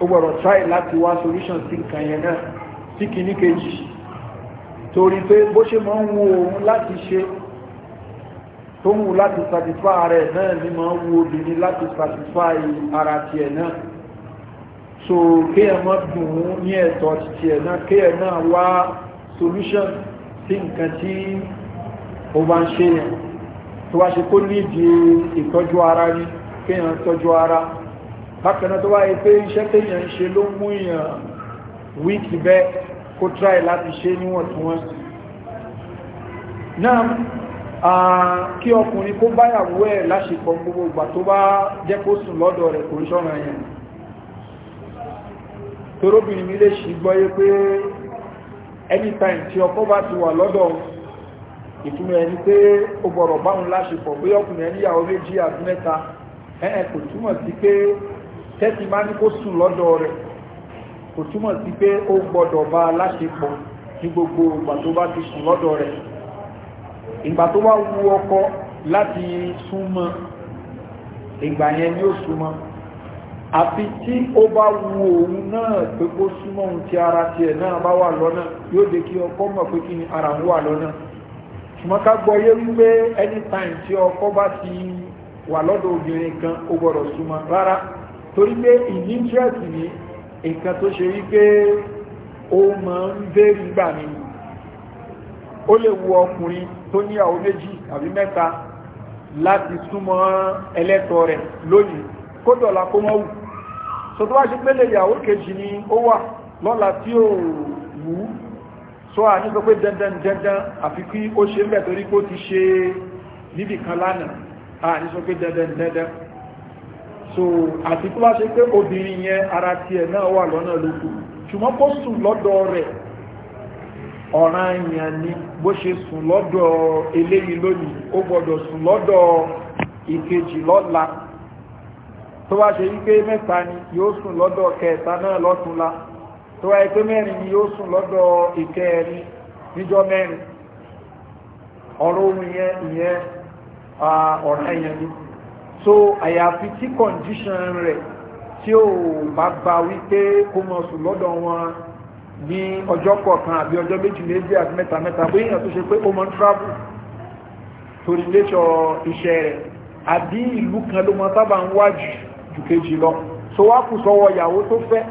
ó gbọ́dọ̀ try láti wá solution sí nǹkan yẹn náà sí kìíní kejì torí pé bó ṣe máa ń wo òun láti ṣe tó ń wo láti satisfy ara ẹ̀ náà ni máa ń wo obìnrin láti satisfy ara tiẹ̀ náà so kéèyàn má dùn ní ẹ̀tọ́ tiẹ̀ náà kéèyàn náà wá solution sí nǹkan tí ó bá ń ṣe yẹn tó wá ṣe kó nídìí ìtọ́jú ara ní kéèyàn tọ́jú ara bákan náà tó wáyé pé iṣẹ́ téèyàn ń ṣe ló mú èèyàn wíìkì bẹ́ẹ̀ kó tráì láti ṣe níwọ̀ntúnwọ̀nsì náà kí ọkùnrin kó báyàwó ẹ̀ láṣepọ̀ gbogbo ìgbà tó bá jẹ́ kó sùn lọ́dọ̀ rẹ̀ kò ń ṣọ́ra yẹn torobìnrin anytime tí ọkọ bá ti wà lọ́dọ̀ ìtumọ̀ ẹni pé ó gbọ́dọ̀ báwọn láṣepọ̀ bóyá ọkùnrin ẹni yàwó méjì sí pé tẹ́sí bá ní kó sùn lọ́dọ̀ rẹ̀ kò túmọ̀ sí pé ó gbọdọ̀ bá láṣepọ̀ ní gbogbo ìgbà tó bá ti sùn lọ́dọ̀ rẹ̀ ìgbà tó bá wu ọkọ láti súnmọ́ ìgbà yẹn ni ó súnmọ́ àfi tí ó bá wu òun náà pé kó súnmọ́ ohun ti ara náà bá wà lọ́nà yóò kí ọkọ mọ̀ pé kí ni ara wà lọ́nà ṣùgbọ́n ká gbọ́ yé wípé anytime tí ọkọ bá ti wà lọ́dọ̀ obìnrin kan ó gbọ́dọ̀ súnmọ́ rárá torí pé ìní interest ní nǹkan tó ṣe wípé ó máa ń bèèrè gbà ní ó lè wo ọkùnrin tó níyàwó méjì àbí mẹ́ta láti súnmọ́ ẹlẹ́tọ̀ rẹ̀ lónìí kó dọ̀la kó mọ́ wù so tó wá ṣe pé lè yàwó kejì ni ó wà lọ́la tí ó wù ú so a ní sọ pé dandan dandan àfi kí ó ṣe ń bẹ̀ torí kó ti ṣe níbìkan lánàá a ní sọ pé dandan dandan so àti tó bá ṣe pé obìnrin yẹn ara tiẹ̀ náà wà lọ́nà lókù ṣùgbọ́n kó sùn lọ́dọ̀ rẹ̀ ọ̀ràn èèyàn ni bó ṣe sùn lọ́dọ̀ eléyìí lónìí ó gbọ́dọ̀ sùn lọ́dọ̀ ìkejì lọ́la tó bá ṣe wípé mẹ́ta ni yóò sùn lọ́dọ̀ kẹta náà lọ́túnla tó wáyé pé mẹ́rin ni yóò sùn lọ́dọ̀ níjọ́ mẹ́rin ọ̀rọ̀ ohun ìyẹn so àyàfi tí condition rẹ̀ tí ó bá gba wípé kó mọ sùn lọ́dọ̀ wọn ní ọjọ́ kọ̀ọ̀kan àbí ọjọ́ méjì méjì àti mẹ́ta mẹ́ta bóyá èèyàn tó ṣe pé ó mọ travel torí léṣọ iṣẹ́ rẹ̀ àbí ìlú kan ló mọ sábà ń wájú jù kejì lọ so wá kù sọ́wọ́ ìyàwó tó fẹ́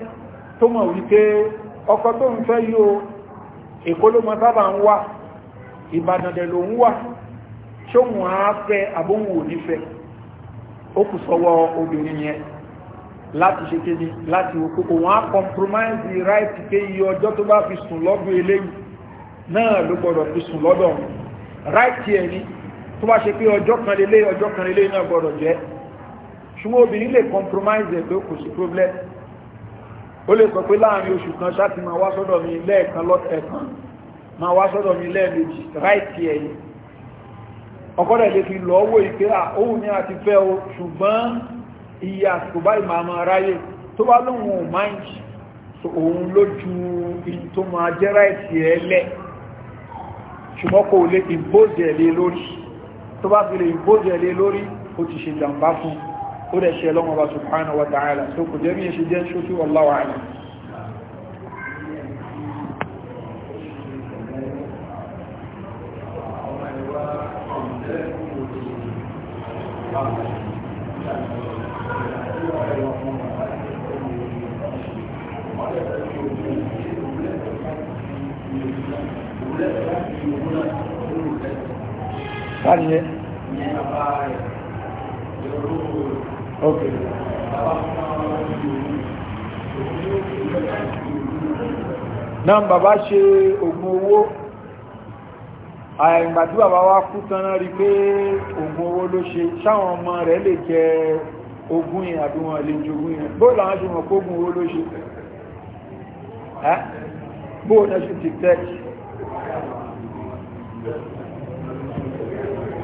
tó mọ̀ wípé ọkọ tó ń fẹ́ yóò èkó ló mọ sábà ń wá ìbàdàn dẹ̀ ló ń wà ṣóhun àáfẹ́ àbóhun ò nífẹ̀ẹ́ ó kù sọ́wọ́ obìnrin yẹn láti ṣe kéde láti òkú òun á compromise the right pé iye ọjọ́ tó bá fi sùn lọ́dọ̀ eléyìí náà ló gbọ́dọ̀ fi sùn lọ́dọ̀ ọ̀hún right yẹn ni tó bá ṣe pé ọjọ́ kan lélé ọjọ́ kan lélé náà gbọ́dọ̀ jẹ́ ṣùgbọ́n obìnrin lè compromise ẹ̀ pé kò sí problem ó lè sọ pé láàrin oṣù kan ṣáà ti máa wá sọ́dọ̀ mi lẹ́ẹ̀kan lọ́tẹ̀ẹ̀kan máa wá sọ́dọ̀ mi lẹ́ẹ̀mejì right yẹn yìí ọkọ́dẹ̀ lè fi lọ́wọ́ ìpé òun ni a ti fẹ́ o ṣùgbọ́n iye àsìkò báyìí máa máa ráyè tó bá lóhun ò máa ń jì òun ló ju in tó máa jẹ́ ráìtì ẹ lẹ̀ ṣùgbọ́n kò lórí tó ti ṣe jàǹbá fún ó dẹ̀ ṣe lọ́wọ́ bá subhanahu wa ta'ala so kò jẹ́ bí ẹ ṣe jẹ́ Sáàdìyẹ. Ok. Náà bàbá ṣe ògùn owó àìgbà tí bàbá wa kú tán náà rí pé ogun owó ló ṣe sáwọn ọmọ rẹ̀ lè jẹ ogún yẹn àbí wọn lè jogún yẹn bó làwọn ṣe mọ̀ pé ogun owó ló ṣe bó náà ṣe ti tẹ́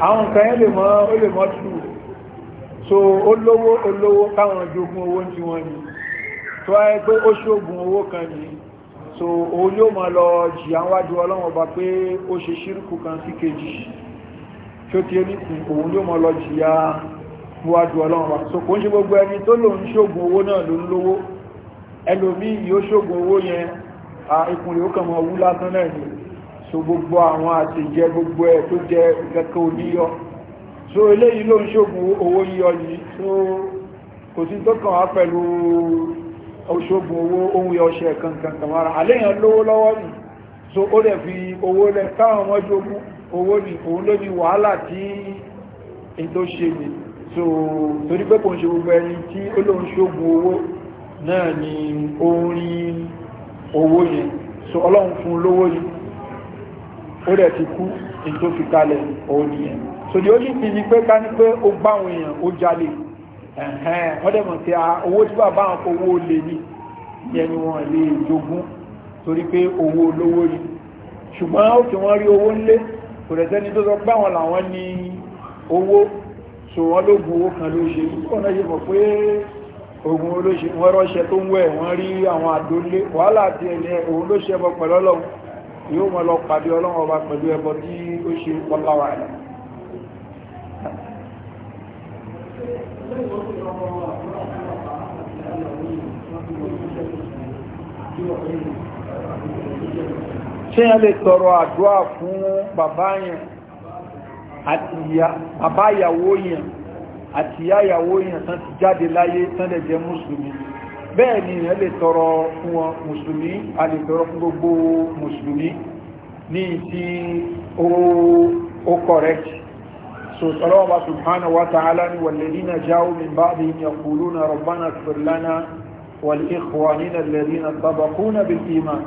àwọn nǹkan yẹn lè mọ́ ó lè mọ́ tù so olówó olówó káwọn jogún owó tí wọ́n ní tó wáyé pé ó ṣógun owó kan nìyí so òun yóò máa lọ jìyà wájú ọlọ́run ọba pé ó ṣe ṣírùkù kan sí kejì tí ó ti ẹnìkùn òun yóò máa lọ jìyà wájú ọlọ́run ọba so kò ń ṣe gbogbo ẹni tó lòun ṣògùn owó náà ló ń lówó ẹlòmí yóò ṣògùn owó yẹn ìkùnrin ó kàn mọ wú lásán náà ni so gbogbo àwọn àtìjẹ gbogbo ẹ so eléyìí ló ń oṣogun owó ohun ọṣẹ kankan tàwárà àléyàn lówó lọ́wọ́ ni so ó lè fi owó lẹ káwọn ọmọ owó ni òun ló ní wàhálà tí ètò ṣe ni so torí pé kò ń ṣe gbogbo ẹni tí ó lóun ṣogun owó náà ni so ọlọ́run fún lówó ni ó rẹ̀ ti kú so the only thing ni pé ká ní pé ẹ̀hẹ́n wọ́n dẹ̀ mọ̀ sí ah, owó tí bàbá àwọn owó lè ní ẹni wọn lè jogún torí pé owó olówó ni ṣùgbọ́n ó kí wọ́n rí owó ńlé kò rẹ̀ sẹ́ni tó sọ pé àwọn làwọn ní owó so wọ́n ló gun owó kan lóṣe ọ̀nà yìí mọ̀ pé ogun olóṣe wọ́n rọ́ṣẹ́ tó ń wẹ̀ wọ́n rí àwọn àdólé wàhálà àti ẹ̀lẹ́ òun ló ṣẹbọ pẹ̀lú ọlọ́run yóò mọ́ lọ pàdé ọlọ́run ọba pẹ̀lú ẹbọ tí ó ṣe pọ́láwà rẹ̀ ṣé ẹ lè tọrọ àdúrà fún bàbá yẹn àti bàbá ìyàwó yẹn àti ìyá ìyàwó yẹn tán ti jáde láyé tán lè jẹ mùsùlùmí bẹ́ẹ̀ ni ẹ lè tọrọ fún wọn mùsùlùmí a lè tọrọ fún gbogbo mùsùlùmí ní ti ó correct so tsalawaba subhanahu wa ta'ala ni walladina jawo min ba'dihim yaquluna rabbana ighfir lana wal ikhwanina alladhina sabaquna bil iman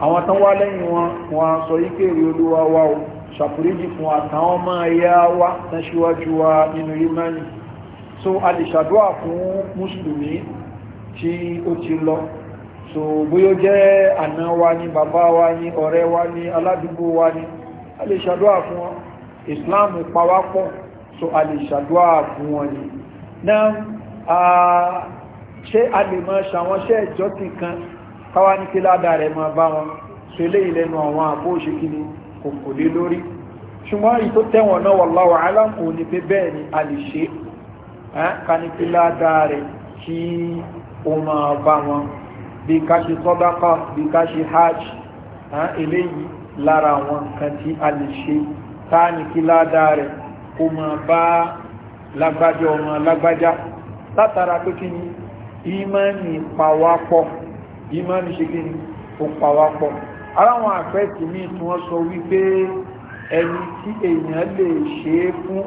àwọn tan wá lẹ́yìn wọn wọ́n sọ yike ri Olúwa wa o ṣàforíjì fún àtàwọn ọmọ ẹ̀yà wa tán síwájú wa nínú imani so a lè ṣàdúwà fún mùsùlùmí tí ó ti lọ so bóyó jẹ́ àná wa ni bàbá wa ni ọ̀rẹ́ wa ni aládùúgbò wa ni a lè ṣàdúwà fún wọn islam pawápọ̀ so a lè ṣàdúwà fún wọn ni náà ṣe a lè mọ́ ṣàwọn ṣẹ́ ìjọ́ ti kan káwá ní kí ládàá rẹ̀ máa bá wọn so ilé ìlẹ́nu àwọn àbó òṣèkìní kò kò lé lórí ṣùgbọ́n èyí tó tẹ́wọ̀n náà wallahu alam kò ní pé bẹ́ẹ̀ ni a lè ṣe ká ní kí ládàá rẹ̀ kí ó máa bá wọn bí ká ṣe sàdákà bí ká ṣe hajj eléyìí lára àwọn nǹkan tí a lè ṣe táàní kí ládàá rẹ̀ kó máa bá lágbájá ọmọ lágbájá látara pé kí ni ìmánì pàwápọ̀ ìmánì ṣe kí ni ó pàwápọ̀ aláwọn àfẹ́ẹ̀tì míì tí wọ́n sọ wípé ẹni tí èèyàn lè ṣe é fún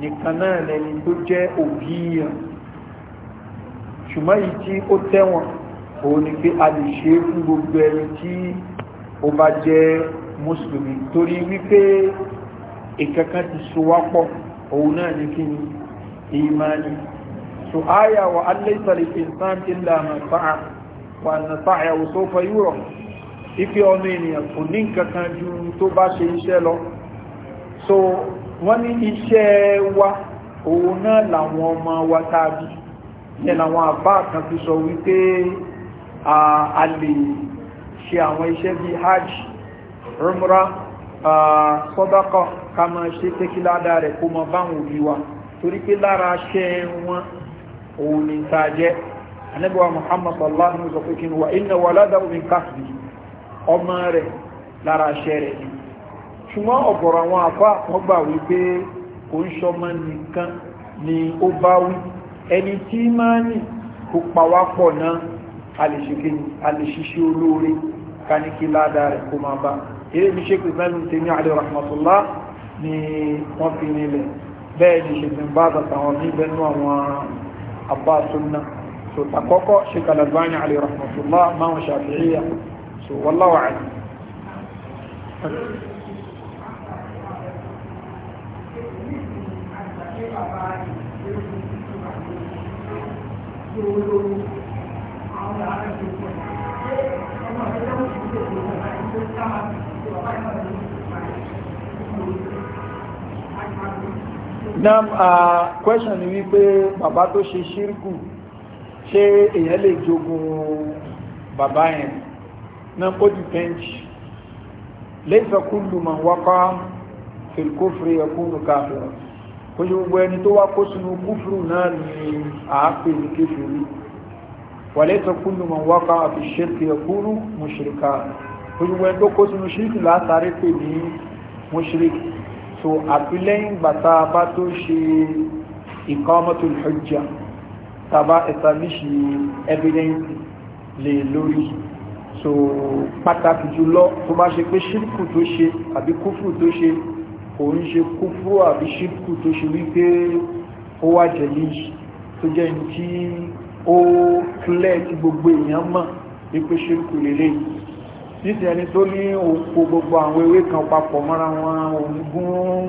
nìkan náà lẹni tó jẹ́ òbí yàn ṣùgbọ́n yìí tí ó tẹ̀wọ̀n òun ni pé a lè ṣe é fún gbogbo ẹni tí ó bá jẹ́ mùsùlùmí torí wípé ìkankan ti sowápọ̀ òun náà ní kí ni ìmáni so áyà wa aláìsàlẹ̀ ìsàn ti láàmà sáà wà nà sáà yàwó sófà yúrọ̀ ipe ọmọ ènìyàn kò ní kankan ju tó bá ṣe iṣẹ́ lọ so wọ́n ní iṣẹ́ wa òun náà làwọn ọmọ wa tàbí yẹn làwọn àbá kan fi sọ wípé a lè ṣe àwọn iṣẹ́ bí hajj umra sọ́dọ́kọ̀ ká máa ṣe pé kí ládàá rẹ̀ kó mọ báwọn òbí wa torí pé lára ṣẹ́ wọn òun ní ta jẹ́ anábíwá muhammad sallallahu alaihi wa sallam kí ni wà inna waladahu min kasbi ọmọ rẹ̀ lára ṣẹ́ rẹ̀ ni ṣùgbọ́n ọ̀gọ̀rọ̀ àwọn àfá wọ́n wípé kò ń ṣọmọ nìkan ni ó bá wí ẹni tí máa ní kò pàwápọ̀ náà a lè ṣiṣẹ́ olóore ká ní kí ládàá rẹ̀ kó máa bá eré bí ṣe pèsè ní tèmi àlẹ́ rahmatullah ni wọ́n fi nílẹ̀ bẹ́ẹ̀ ni ṣètò bá àtàwọn níbẹ̀nú àwọn àbá sunna so takọ́kọ́ ṣe kalabani àlẹ́ rahmatullah máa ń ṣàfihìyà so wallahu a'lam Thank you. nam uh, question ni wípé bàbá tó ṣe ṣírkù ṣé èèyàn lè jogun bàbá yẹn nam ó di pẹ́ǹtì laysa kullu man waqa fil kufri kò ṣe gbogbo ẹni tó wá kó sínú kúfùrù náà ni àápè ní kéfìrí wa laysa kullu man waqa fi shirki yakunu mushrika kò ṣe gbogbo ẹni tó kó sínú ṣírkù látàrí pè ní mushrika so àfi lẹ́yìn gbàtà bá tó ṣe iqamatul hujja tàbá ẹ̀sàmíṣì evidence lè lórí so pàtàkì jùlọ tó bá ṣe pé ṣírkù tó ṣe àbí kúfù tó ṣe kò ń ṣe kúfù àbí ṣírkù tó ṣe wípé ó wà jẹ̀lì tó jẹ́ ní tí ó kílẹ̀ tí gbogbo èèyàn mọ̀ wípé ṣírkù lélẹ́yìí nísìn ẹni tó ní oko gbogbo àwọn ewé kan papọ̀ mọ́ra wọn ògùn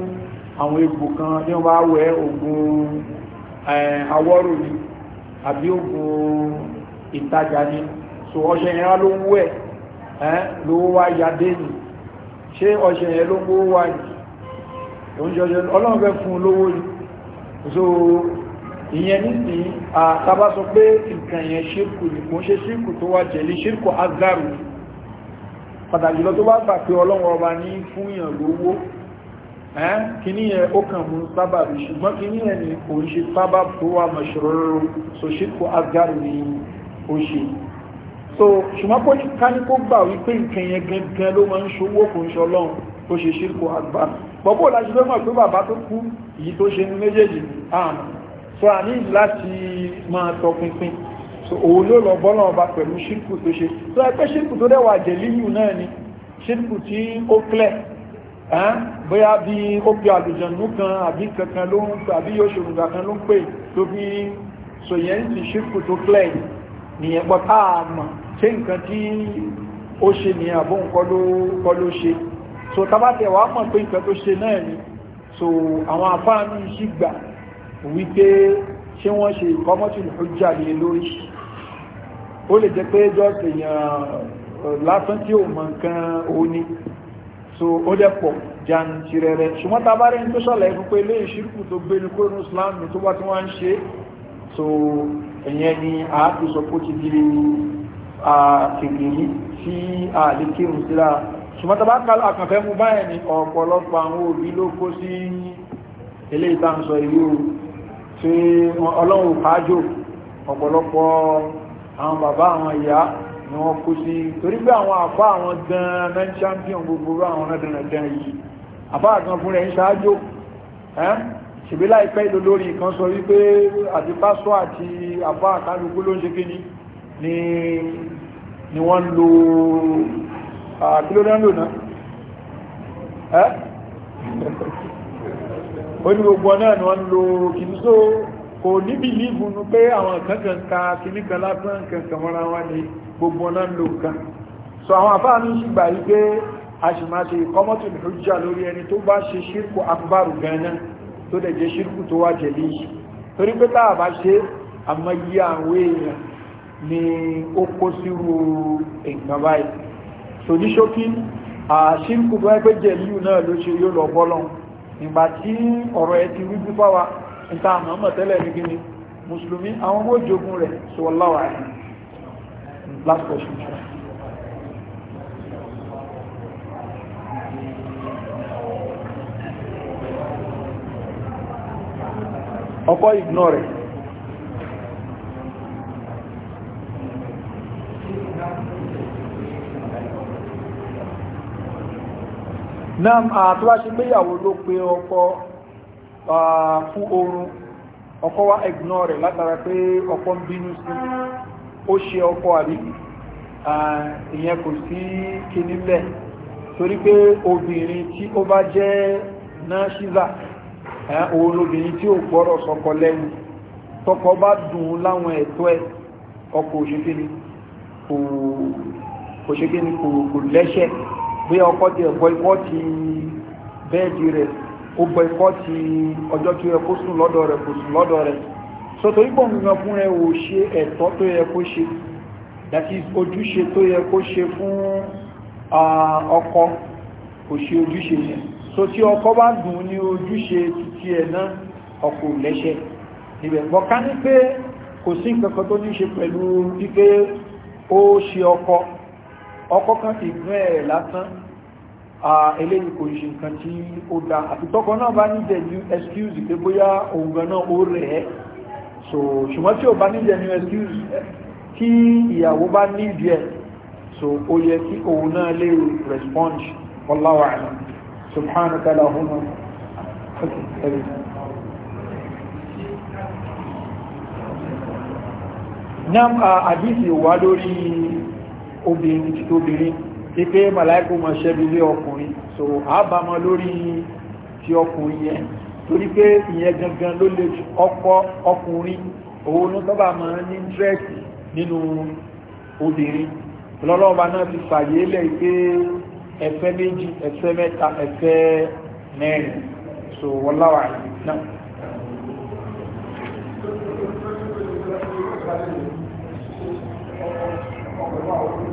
àwọn egbò kan ní wọ́n bá wẹ̀ ògùn eh, awọ́rò ni àbí ògùn ìtajà ni so ọṣẹ yẹn ló ń wẹ̀ eh, lówó wá yadé ni ṣé ọṣẹ yẹn ló ń wó wá yìí ọlọ́run fẹ́ fún lówó yìí so ìyẹn nísìn àtàbá sọ pé nǹkan yẹn ṣírkù ni kò ṣe ṣírkù tó wá jẹ̀lé ṣírkù azaru ni pàtàkì lọ tó bá gbà pé ọlọ́run ọba ní fún yàn lówó kìíní yẹn ó kàn mú sábà rí ṣùgbọ́n kìíní yẹn ni kò ń ṣe sábà tó wà mọ̀ṣọ̀rọ̀rọ̀ sòṣìkò asgari ni ó ṣe so ṣùgbọ́n kó ní ká ní kó gbà wípé nǹkan yẹn gangan ló máa ń ṣòwò kò ń ṣọlọ́run ó ṣe ṣírkò àgbà pọ̀pọ̀ láti fẹ́ mọ̀ pé bàbá tó kú èyí tó ṣe ní méjèèjì àmà so àní láti máa tọpinpin so òun ló lọ bọ́lọ̀ ọba pẹ̀lú ṣírkù tó ṣe tó ẹgbẹ́ ṣírkù tó dẹ̀wà jẹ̀líyù náà ni ṣírkù tí ó klẹ̀ bóyá bí ó pe àlùjọ̀nù kan àbí kankan ló ń pè àbí yóò ṣòrùngà kan ló ń pè tó bí so yẹn sì ṣírkù tó klẹ̀ nìyẹn pọ̀ tá a mọ̀ ṣé nǹkan tí ó ṣe nìyẹn àbó ló ṣe so tabatẹ̀ wàá mọ̀ pé nǹkan ni so àwọn afáàánú ṣì gbà ṣé wọ́n ṣe ìkọ́mọ́tìlù hujja lé lórí ó lè jẹ́ pé just èèyàn lásán tí ò mọ̀ nǹkan òní so ó dẹ̀ pọ̀ jantirẹrẹ ṣùgbọ́n ta bá rẹ̀ tó ṣàlàyé fún pé ilé ìṣírkù tó gbé ní kóró islam tó bá tí wọ́n ń ṣe so ẹ̀yẹn ni a ti sọ pé ti di kèkèrè tí a lè kírun síra ṣùgbọ́n ta bá kálọ̀ àkànfẹ́ mú báyẹn ni ọ̀pọ̀lọpọ̀ àwọn òbí ló kó sí ilé ìtànsọ ìlú tí ọlọ́run pàájò ọ̀pọ̀lọpọ̀ àwọn bàbá àwọn ìyá ni wọ́n kú sí torí pé àwọn àbá àwọn gan men champion gbogbo àwọn ọ̀dẹ̀dẹ̀dẹ̀ yìí àbá àgbọn fún rẹ̀ ń ṣáájò ṣèbí láìpẹ́ ìlú lórí kan sọ wípé àti pásọ́ àti àbá àkálukú ló ń ṣe kí ni ni wọ́n lo àkílódán lò náà orí gbogbo náà ni wọ́n lo kìí só kò níbi lífù nú pé àwọn kankan ka kìníkan lásán kankan mọ́ra wọn ni gbogbo náà lo kan so àwọn afá ní ṣìgbà yí pé a sì ní hujja lórí ẹni tó bá ṣe ṣírkù akbaru gan-an tó dẹ̀ jẹ́ ṣírkù tó wá jẹ̀lé yìí torí pé táà bá ṣe àmọ́ àwọn èèyàn ni ó kó sírú nǹkan báyìí so ní ṣókí àṣírkù tó wáyé pé jẹ̀lú náà ló ṣe yóò lọ bọ́lọ́n ìgbà tí ọ̀rọ̀ ẹ ti rújú fáwa níta àmọ́mọ̀ tẹ́lẹ̀ ní gíní mùsùlùmí àwọn ọmọ ìjogun rẹ̀ sọ láwà rẹ̀ last question ọkọ̀ ignore rẹ̀ náà àtúwáṣe péyàwó ló pe ọkọ fún oorun ọkọ wá ẹ̀gbọ́n rẹ̀ látara pé ọkọ ń bínú sí ó ṣe ọkọ àrí ìyẹn kò sí kíní lẹ̀ torí pé obìnrin tí ó bá jẹ́ náà ṣíza òun lóbìnrin tí ó gbọ́rọ̀ sọkọ lẹ́nu tọkọ bá dùn láwọn ẹ̀tọ́ ẹ̀ ọkọ òṣèkéni kò lẹ́ṣẹ̀ẹ́ bí ọkọ tiẹ̀ bọ́ikọ́tì bẹ́ẹ̀dì rẹ̀ ó bọ́ikọ́tì ọjọ́ tó yẹ kó sùn lọ́dọ̀ rẹ̀ kò sùn lọ́dọ̀ rẹ̀ sọtò ìgbọ̀n gbọ̀ngàn fún rẹ̀ ò ṣe ẹ̀tọ́ tó yẹ kó ṣe dàtí ojúṣe tó yẹ kó ṣe fún ọkọ kò ṣe ojúṣe yẹn so tí ọkọ bá dùn ní ojúṣe títí ẹ̀ náà ọkọ lẹ́ṣẹ̀ ibẹ̀ gbọ́ ká ní pé kò sí nǹkan kan tó ní ṣe pẹ̀lú wípé ó ṣe ọkọ ọkọ kan ti gún ẹ̀ lásán eléyìí kò ṣe nǹkan tí ó dá àtútọ́kọ náà bá níjẹ̀ new excuse pé bóyá òun gan náà ó rẹ̀ ẹ́ so ṣùgbọ́n tí ó bá níjẹ̀ new excuse kí ìyàwó bá níjẹ̀ ẹ̀ so ó yẹ kí òun náà lè respond wọláwà ní subhanahu ta'ala hun náà àdísì wà lórí obìnrin títí obìnrin pípé màláìkò mọ̀ ṣẹ́bi lé ọkùnrin so àbámọ́ lórí ti ọkùnrin yẹn torí pé ìyẹn gangan ló lè ọkọ ọkùnrin òun ló sábà máa ní dírẹ́sì nínú obìnrin lọ́lọ́ọ̀bá náà ti fàyè lẹ̀ pé ẹ̀fẹ́ méjì ẹ̀fẹ́ mẹ́ta ẹ̀fẹ́ mẹ́rin so wọ́n láwà náà. Thank you.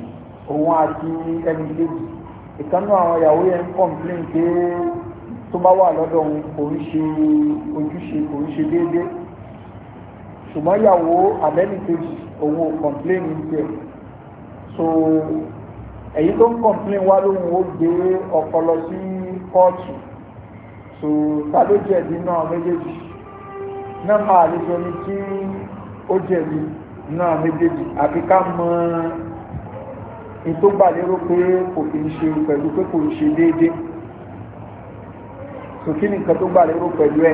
òun àti ẹni kejì ìkànnà àwọn ìyàwó yẹn ń kọ̀m̀plín pé tó bá wà lọ́dọ̀ òun kò ń ṣe ojúṣe kò ń ṣe déédéé ṣùgbọ́n ìyàwó àbẹ́ni kejì òun ò ní tiẹ̀ so èyí tó ń kọ̀m̀plín wá lóhun ó gbé ọkọ lọ sí kóòtù so ta ló jẹ̀bi náà méjèèjì náà máa lè jọ ní kí ó jẹ̀bi náà méjèèjì àfi ká mọ ọ́n ní tó gbà lérò pé kò fi ń ṣe pẹ̀lú pé kò ń ṣe déédé so kí ni nǹkan tó gbà lérò pẹ̀lú ẹ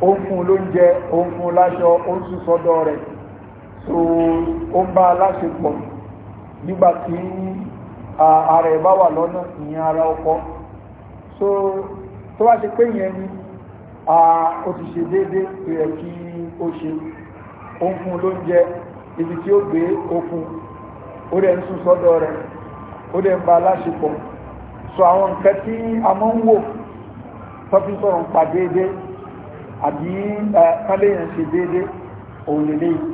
ó ń fún lóúnjẹ ó ń fún láṣọ ó ń sùn sọ́dọ̀ rẹ̀ so ó ń bá aláṣepọ̀ nígbà tí ara bá wà lọ́nà ìyẹn ara ọkọ so tó wá ṣe pé ìyẹn ni ó ti ṣe déédé tó yẹ kí ó ṣe ó ń fún lóúnjẹ ibi tí ó gbé ó fún ó dẹ̀ ń sùn sọ́dọ̀ rẹ̀ ó dẹ̀ ń ba aláṣepọ̀ sọ àwọn nǹkan tí a mọ́ ń wò tọ́fí ń pa déédé àbí káléèyàn ṣe déédé òun lè léyìí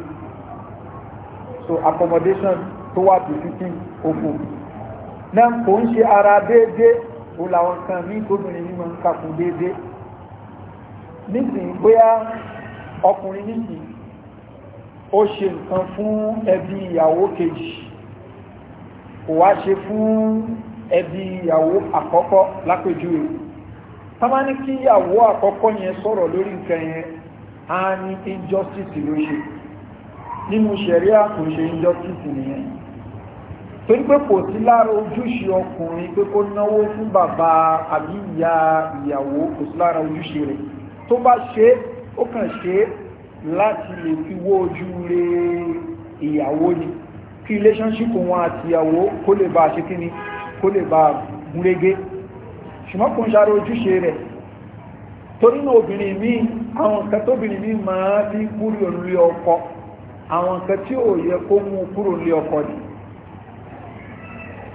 so accommodation tó wà tó títí òfò náà kò ń ṣe ara déédé ó làwọn kan ní gómìnà ní mọ̀ ń kàkún déédé nísìnyí bóyá ọkùnrin nísìnyí ó ṣe nǹkan fún ẹbí ìyàwó kejì kò wá ṣe fún ẹbí ìyàwó àkọ́kọ́ lápèjúwe tamani kí ìyàwó àkọ́kọ́ yẹn sọ̀rọ̀ lórí nǹkan yẹn á ní injustice ló ṣe nínú sẹ̀ríà kò ṣe injustice nìyẹn torí pé kò sí lára ojúṣe ọkùnrin pé kó náwó fún bàbá àbí ìyá ìyàwó kò sí lára ojúṣe rẹ̀ tó bá ṣe ó kàn ṣe láti lè fi wó ojú rẹ̀ ìyàwó ni kí relationship wọn àti ìyàwó kó lè bá ṣe kíni kó lè bá gúnrégé ṣùgbọ́n kò ń ṣàrò ojúṣe rẹ̀ torí náà obìnrin mi àwọn nǹkan tóbìnrin mi máa fi kúrò lé ọkọ àwọn nǹkan tí ò yẹ kó mú kúrò lé ọkọ ni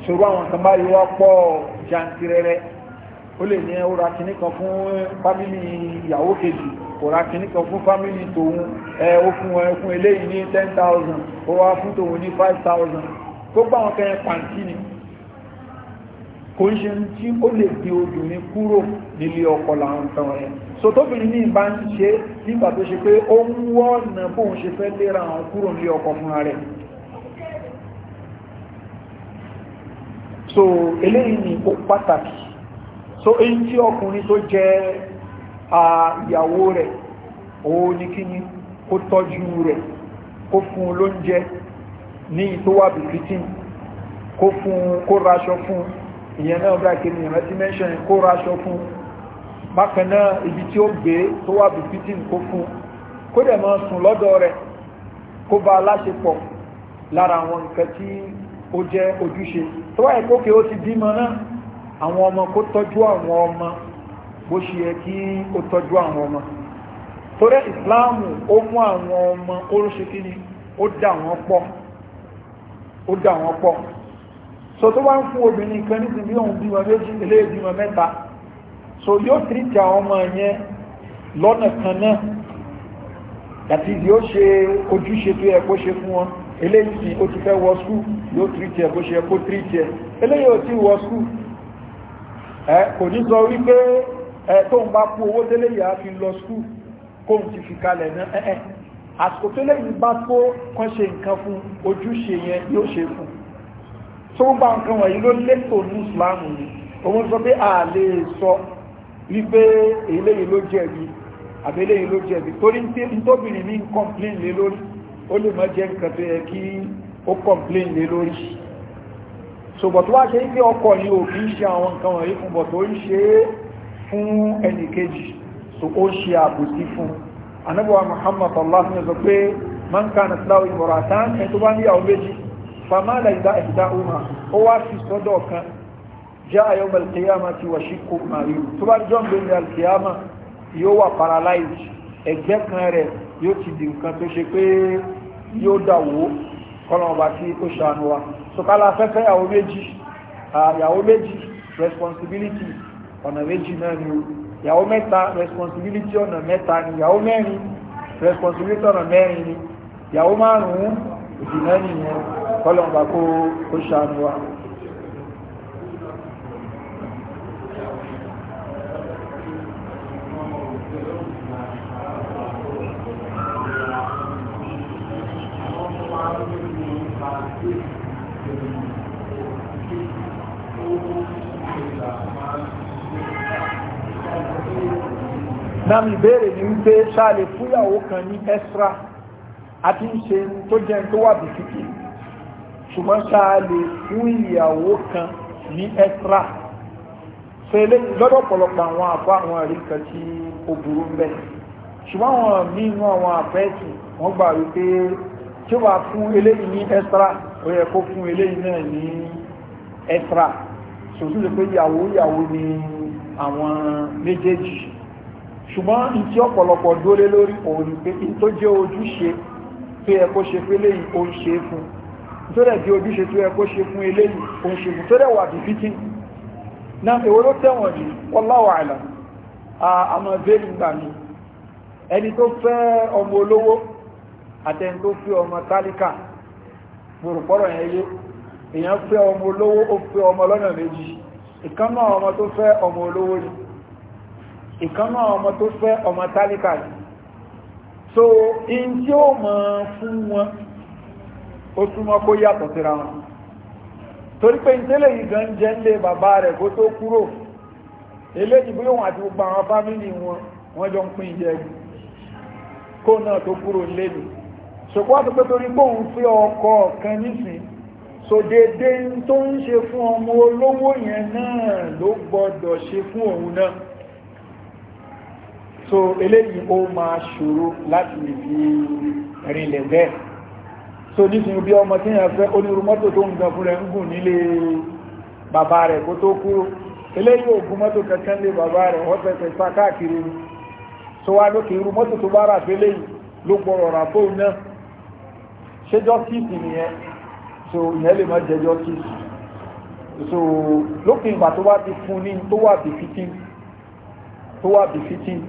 ṣòro àwọn nǹkan báyìí wá jantirẹrẹ ó lè ní ó ra kìíní kan fún fámìlì ìyàwó kejì kò ra kìíní kan fún fámìlì tòun ẹ ó fún ẹ fún eléyìí ní ten thousand ó wá fún tòun ní five thousand kó bá wọn kẹrin pàǹtí ni kò ń ṣe tí ó lè di obìnrin kúrò nílé ọkọ làwọn tán rẹ so tóbìnrin ní ìbá ń ṣe nígbà tó ṣe pé ó ń wọ́ ọ̀nà bóun ṣe fẹ́ lera àwọn kúrò nílé ọkọ fúnra rẹ̀ so eléyìí ni ó pàtàkì so èyí tí ọkùnrin tó jẹ́ ìyàwó rẹ̀ òun ní kíní kó tọ́jú rẹ̀ kó fún un lóúnjẹ ní tó wà bìkítì kó fún un kó raṣọ fún un ìyẹn náà bá kí nìyàn ti mẹ́ṣẹ́ kó raṣọ fún bákan náà ibi tí ó gbé tó wà bí kó fún kó dẹ̀ máa sùn lọ́dọ̀ rẹ̀ kó bá aláṣepọ̀ lára àwọn nǹkan tí ó jẹ́ ojúṣe tó wáyé kókè ó ti bímọ náà àwọn ọmọ kó tọ́jú àwọn ọmọ bó ṣe yẹ kí ó tọ́jú àwọn ọmọ torí ìsìláàmù ó mú àwọn ọmọ ó ṣe kí ni ó dà wọ́n pọ̀ ó dà wọ́n pọ̀ so tó bá ń fún obìnrin kan ní ìbí òun bímọ méjì ilé ìbímọ mẹ́ta so yóò tìrìtì àwọn ọmọ yẹn lọ́nà kan náà àti yóò ṣe ojúṣe tó yẹ kó ṣe fún wọn eléyìí ó ti fẹ́ wọ skul yóò tìrìtì ẹ̀ bó ṣe yẹ kó tìrìtì ẹ̀ eléyìí ò tí wọ skul ẹ kò ní sọ wípé ẹ tó ń bá kú owó délé yìí á fi lọ skul kó ń ti fi kalẹ̀ náà ẹ ẹ àsìkò tó lẹ́yìn bá tó kan ṣe nǹkan fún ojúṣe yẹn yóò ṣe fún tó ń bá nǹkan wọ̀nyí ló lẹ́tò ní ìsìláàmù ni òun sọ pé a lè sọ wípé eléyìí ló jẹ̀bi àbí eléyìí ló jẹ̀bi torí nítòbìnrin ní kọ́mplain lé lórí ó lè má jẹ́ nǹkan tó yẹ kí ó kọ́mplain lé lórí so bọ̀ tó wá ṣe pé ọkọ ni ò kí ń ṣe àwọn nǹkan wọ̀nyí fún bọ̀ tó ń ṣe fún ẹnì kejì so ó ṣe àbòsí fún anábọ̀wá muhammad allah ní ọ̀sọ̀ pé man kan islahu ìmọ̀ràn tán ẹni tó bá ní àwọn méjì famala ìdá ìdá òmà ó wá yóò ti di nǹkan tó ṣe pé yóò dà wó kọ́lọ́mọba tí ó ṣàánú wa sọkálà afẹ́fẹ́ ìyàwó méjì ìyàwó responsibility ọ̀nà méjì náà ni ìyàwó mẹ́ta responsibility ọ̀nà mẹ́ta ni ìyàwó mẹ́rin responsibility ọ̀nà mẹ́rin ni ìyàwó márùn-ún ìdìnà nìyẹn kọlọ̀mbà kó ó ṣàánú wa Thank you. náà ìbéèrè ní wípé ṣáàlè fúyàwó kan ní extra àti ń ṣe tó jẹ́ tó wà bìkítì ṣùgbọ́n ṣáàlè fún ìyàwó kan ní extra so eléyìí lọ́dọ̀ ọ̀pọ̀lọpọ̀ àwọn àbá àwọn àrí kan tí ó burú ń bẹ̀ ṣùgbọ́n àwọn míì nú àwọn àpẹ́ẹ̀tì wọ́n gbà wípé tí ó fún eléyìí ní extra ó yẹ kó fún eléyìí náà ní extra sòtúnṣe pé ìyàwó ìyàwó ni àwọn méjèèjì ṣùgbọ́n in tí ọ̀pọ̀lọpọ̀ dólé lórí òun pé in tó jẹ́ ojúṣe tó yẹ kó ṣe fún eléyìí ó ń ṣe fún tó dẹ̀ jẹ́ ojúṣe tó yẹ kó ṣe fún eléyìí ó ń ṣe fún tó dẹ̀ wà bí fítí náà èwo ló tẹ̀wọ̀n jù wallahu a'lam àmọ́ bẹ́ẹ̀lì gbà mí ẹni tó fẹ́ ọmọ olówó àtẹni tó fi ọmọ tálíkà gbòròpọ̀rọ̀ yẹn yé èèyàn fẹ́ ọmọ olówó ó fẹ́ ọmọ lọ́nà méjì ìkan ọmọ tó fẹ́ ọmọ olówó ni ìkánná ọmọ tó fẹ́ ọmọ tálíkà yìí so in tí ó mọ̀ fún wọn ó súnmọ́ kó yàtọ̀ síra wọn torí pé ìtẹ́lẹ̀ yìí gan jẹ́ ń lé bàbá rẹ̀ kó tó kúrò eléyìí bí òun àti gbogbo àwọn fámìlì wọn wọ́n jọ ń pín ìjẹ kó náà tó kúrò lẹ́nu ṣùgbọ́n àti pé torí pé òun fi ọkọ kan nísìn so déédéé tó ń ṣe fún ọmọ olówó yẹn náà ló gbọ́dọ̀ ṣe fún òun náà so eléyìí ó máa ṣòro láti lè fi rìnlẹ̀ bẹ́ẹ̀ so nísìnyí bí ọmọ tí yẹn fẹ́ onírú mọ́tò tó ń gan fún rẹ̀ ń gùn nílé bàbá rẹ̀ kó tó kúrò eléyìí ògùn mọ́tò kankan lé bàbá rẹ̀ wọ́n fẹsẹ̀ sá káàkiri ni so wá lókè irú mọ́tò tó bá rà fẹ́lẹ́ yìí ló gbọ́rọ̀ rà fóun náà ṣéjọ́ kíìsì nìyẹn so ìyẹn lè má jẹjọ́ kíìsì so lókè ìgbà tó wá ti fún ní tó wà bí fitin tó wà bí fitin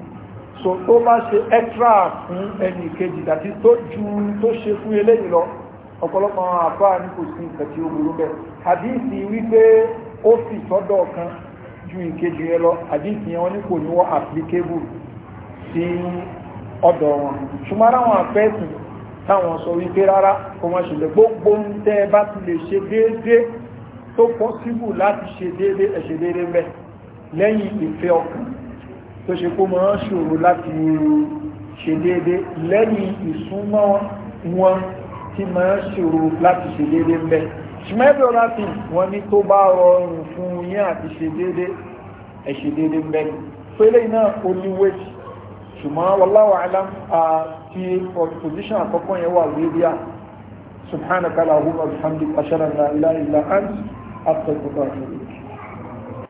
so tó bá ṣe extra fún ẹni kejì àti tó ju tó ṣe fún eléyìí lọ ọ̀pọ̀lọpọ̀ àwọn àbá ní kò sí nǹkan tí ó burú bẹ́ẹ̀ àdíìsì wípé ó fi sọ́dọ̀ kan ju ìkejì yẹn lọ àdíìsì yẹn wọ́n ní kò ní wọ́n applicable sí ọ̀dọ̀ wọn ṣùgbọ́n àwọn àfẹ́sìn táwọn sọ wípé rárá kò wọ́n ṣẹlẹ̀ gbogbo ń tẹ́ bá ti lè ṣe déédéé tó pọ́síbù láti ṣe déédéé ẹ̀ṣẹ̀ déédéé bẹ́ẹ̀ lẹ́yìn ìfẹ́ ọkàn tó ṣe kó mọ́ ṣòro láti ṣe déédé lẹ́yìn ìsúnmọ́ wọn tí mọ́ ṣòro láti ṣe déédé mbẹ́ ṣùgbọ́n láti wọ́n ní tó bá rọrùn fún yín àti ṣe déédé ẹ̀ ṣe déédé mbẹ́ pélé náà ó ní wéjì ṣùgbọ́n wọláwà alam àti position àkọ́kọ́ yẹn wà wíwíà subhanakala ahumma alhamdulilayi ashara ilaha illa ant after the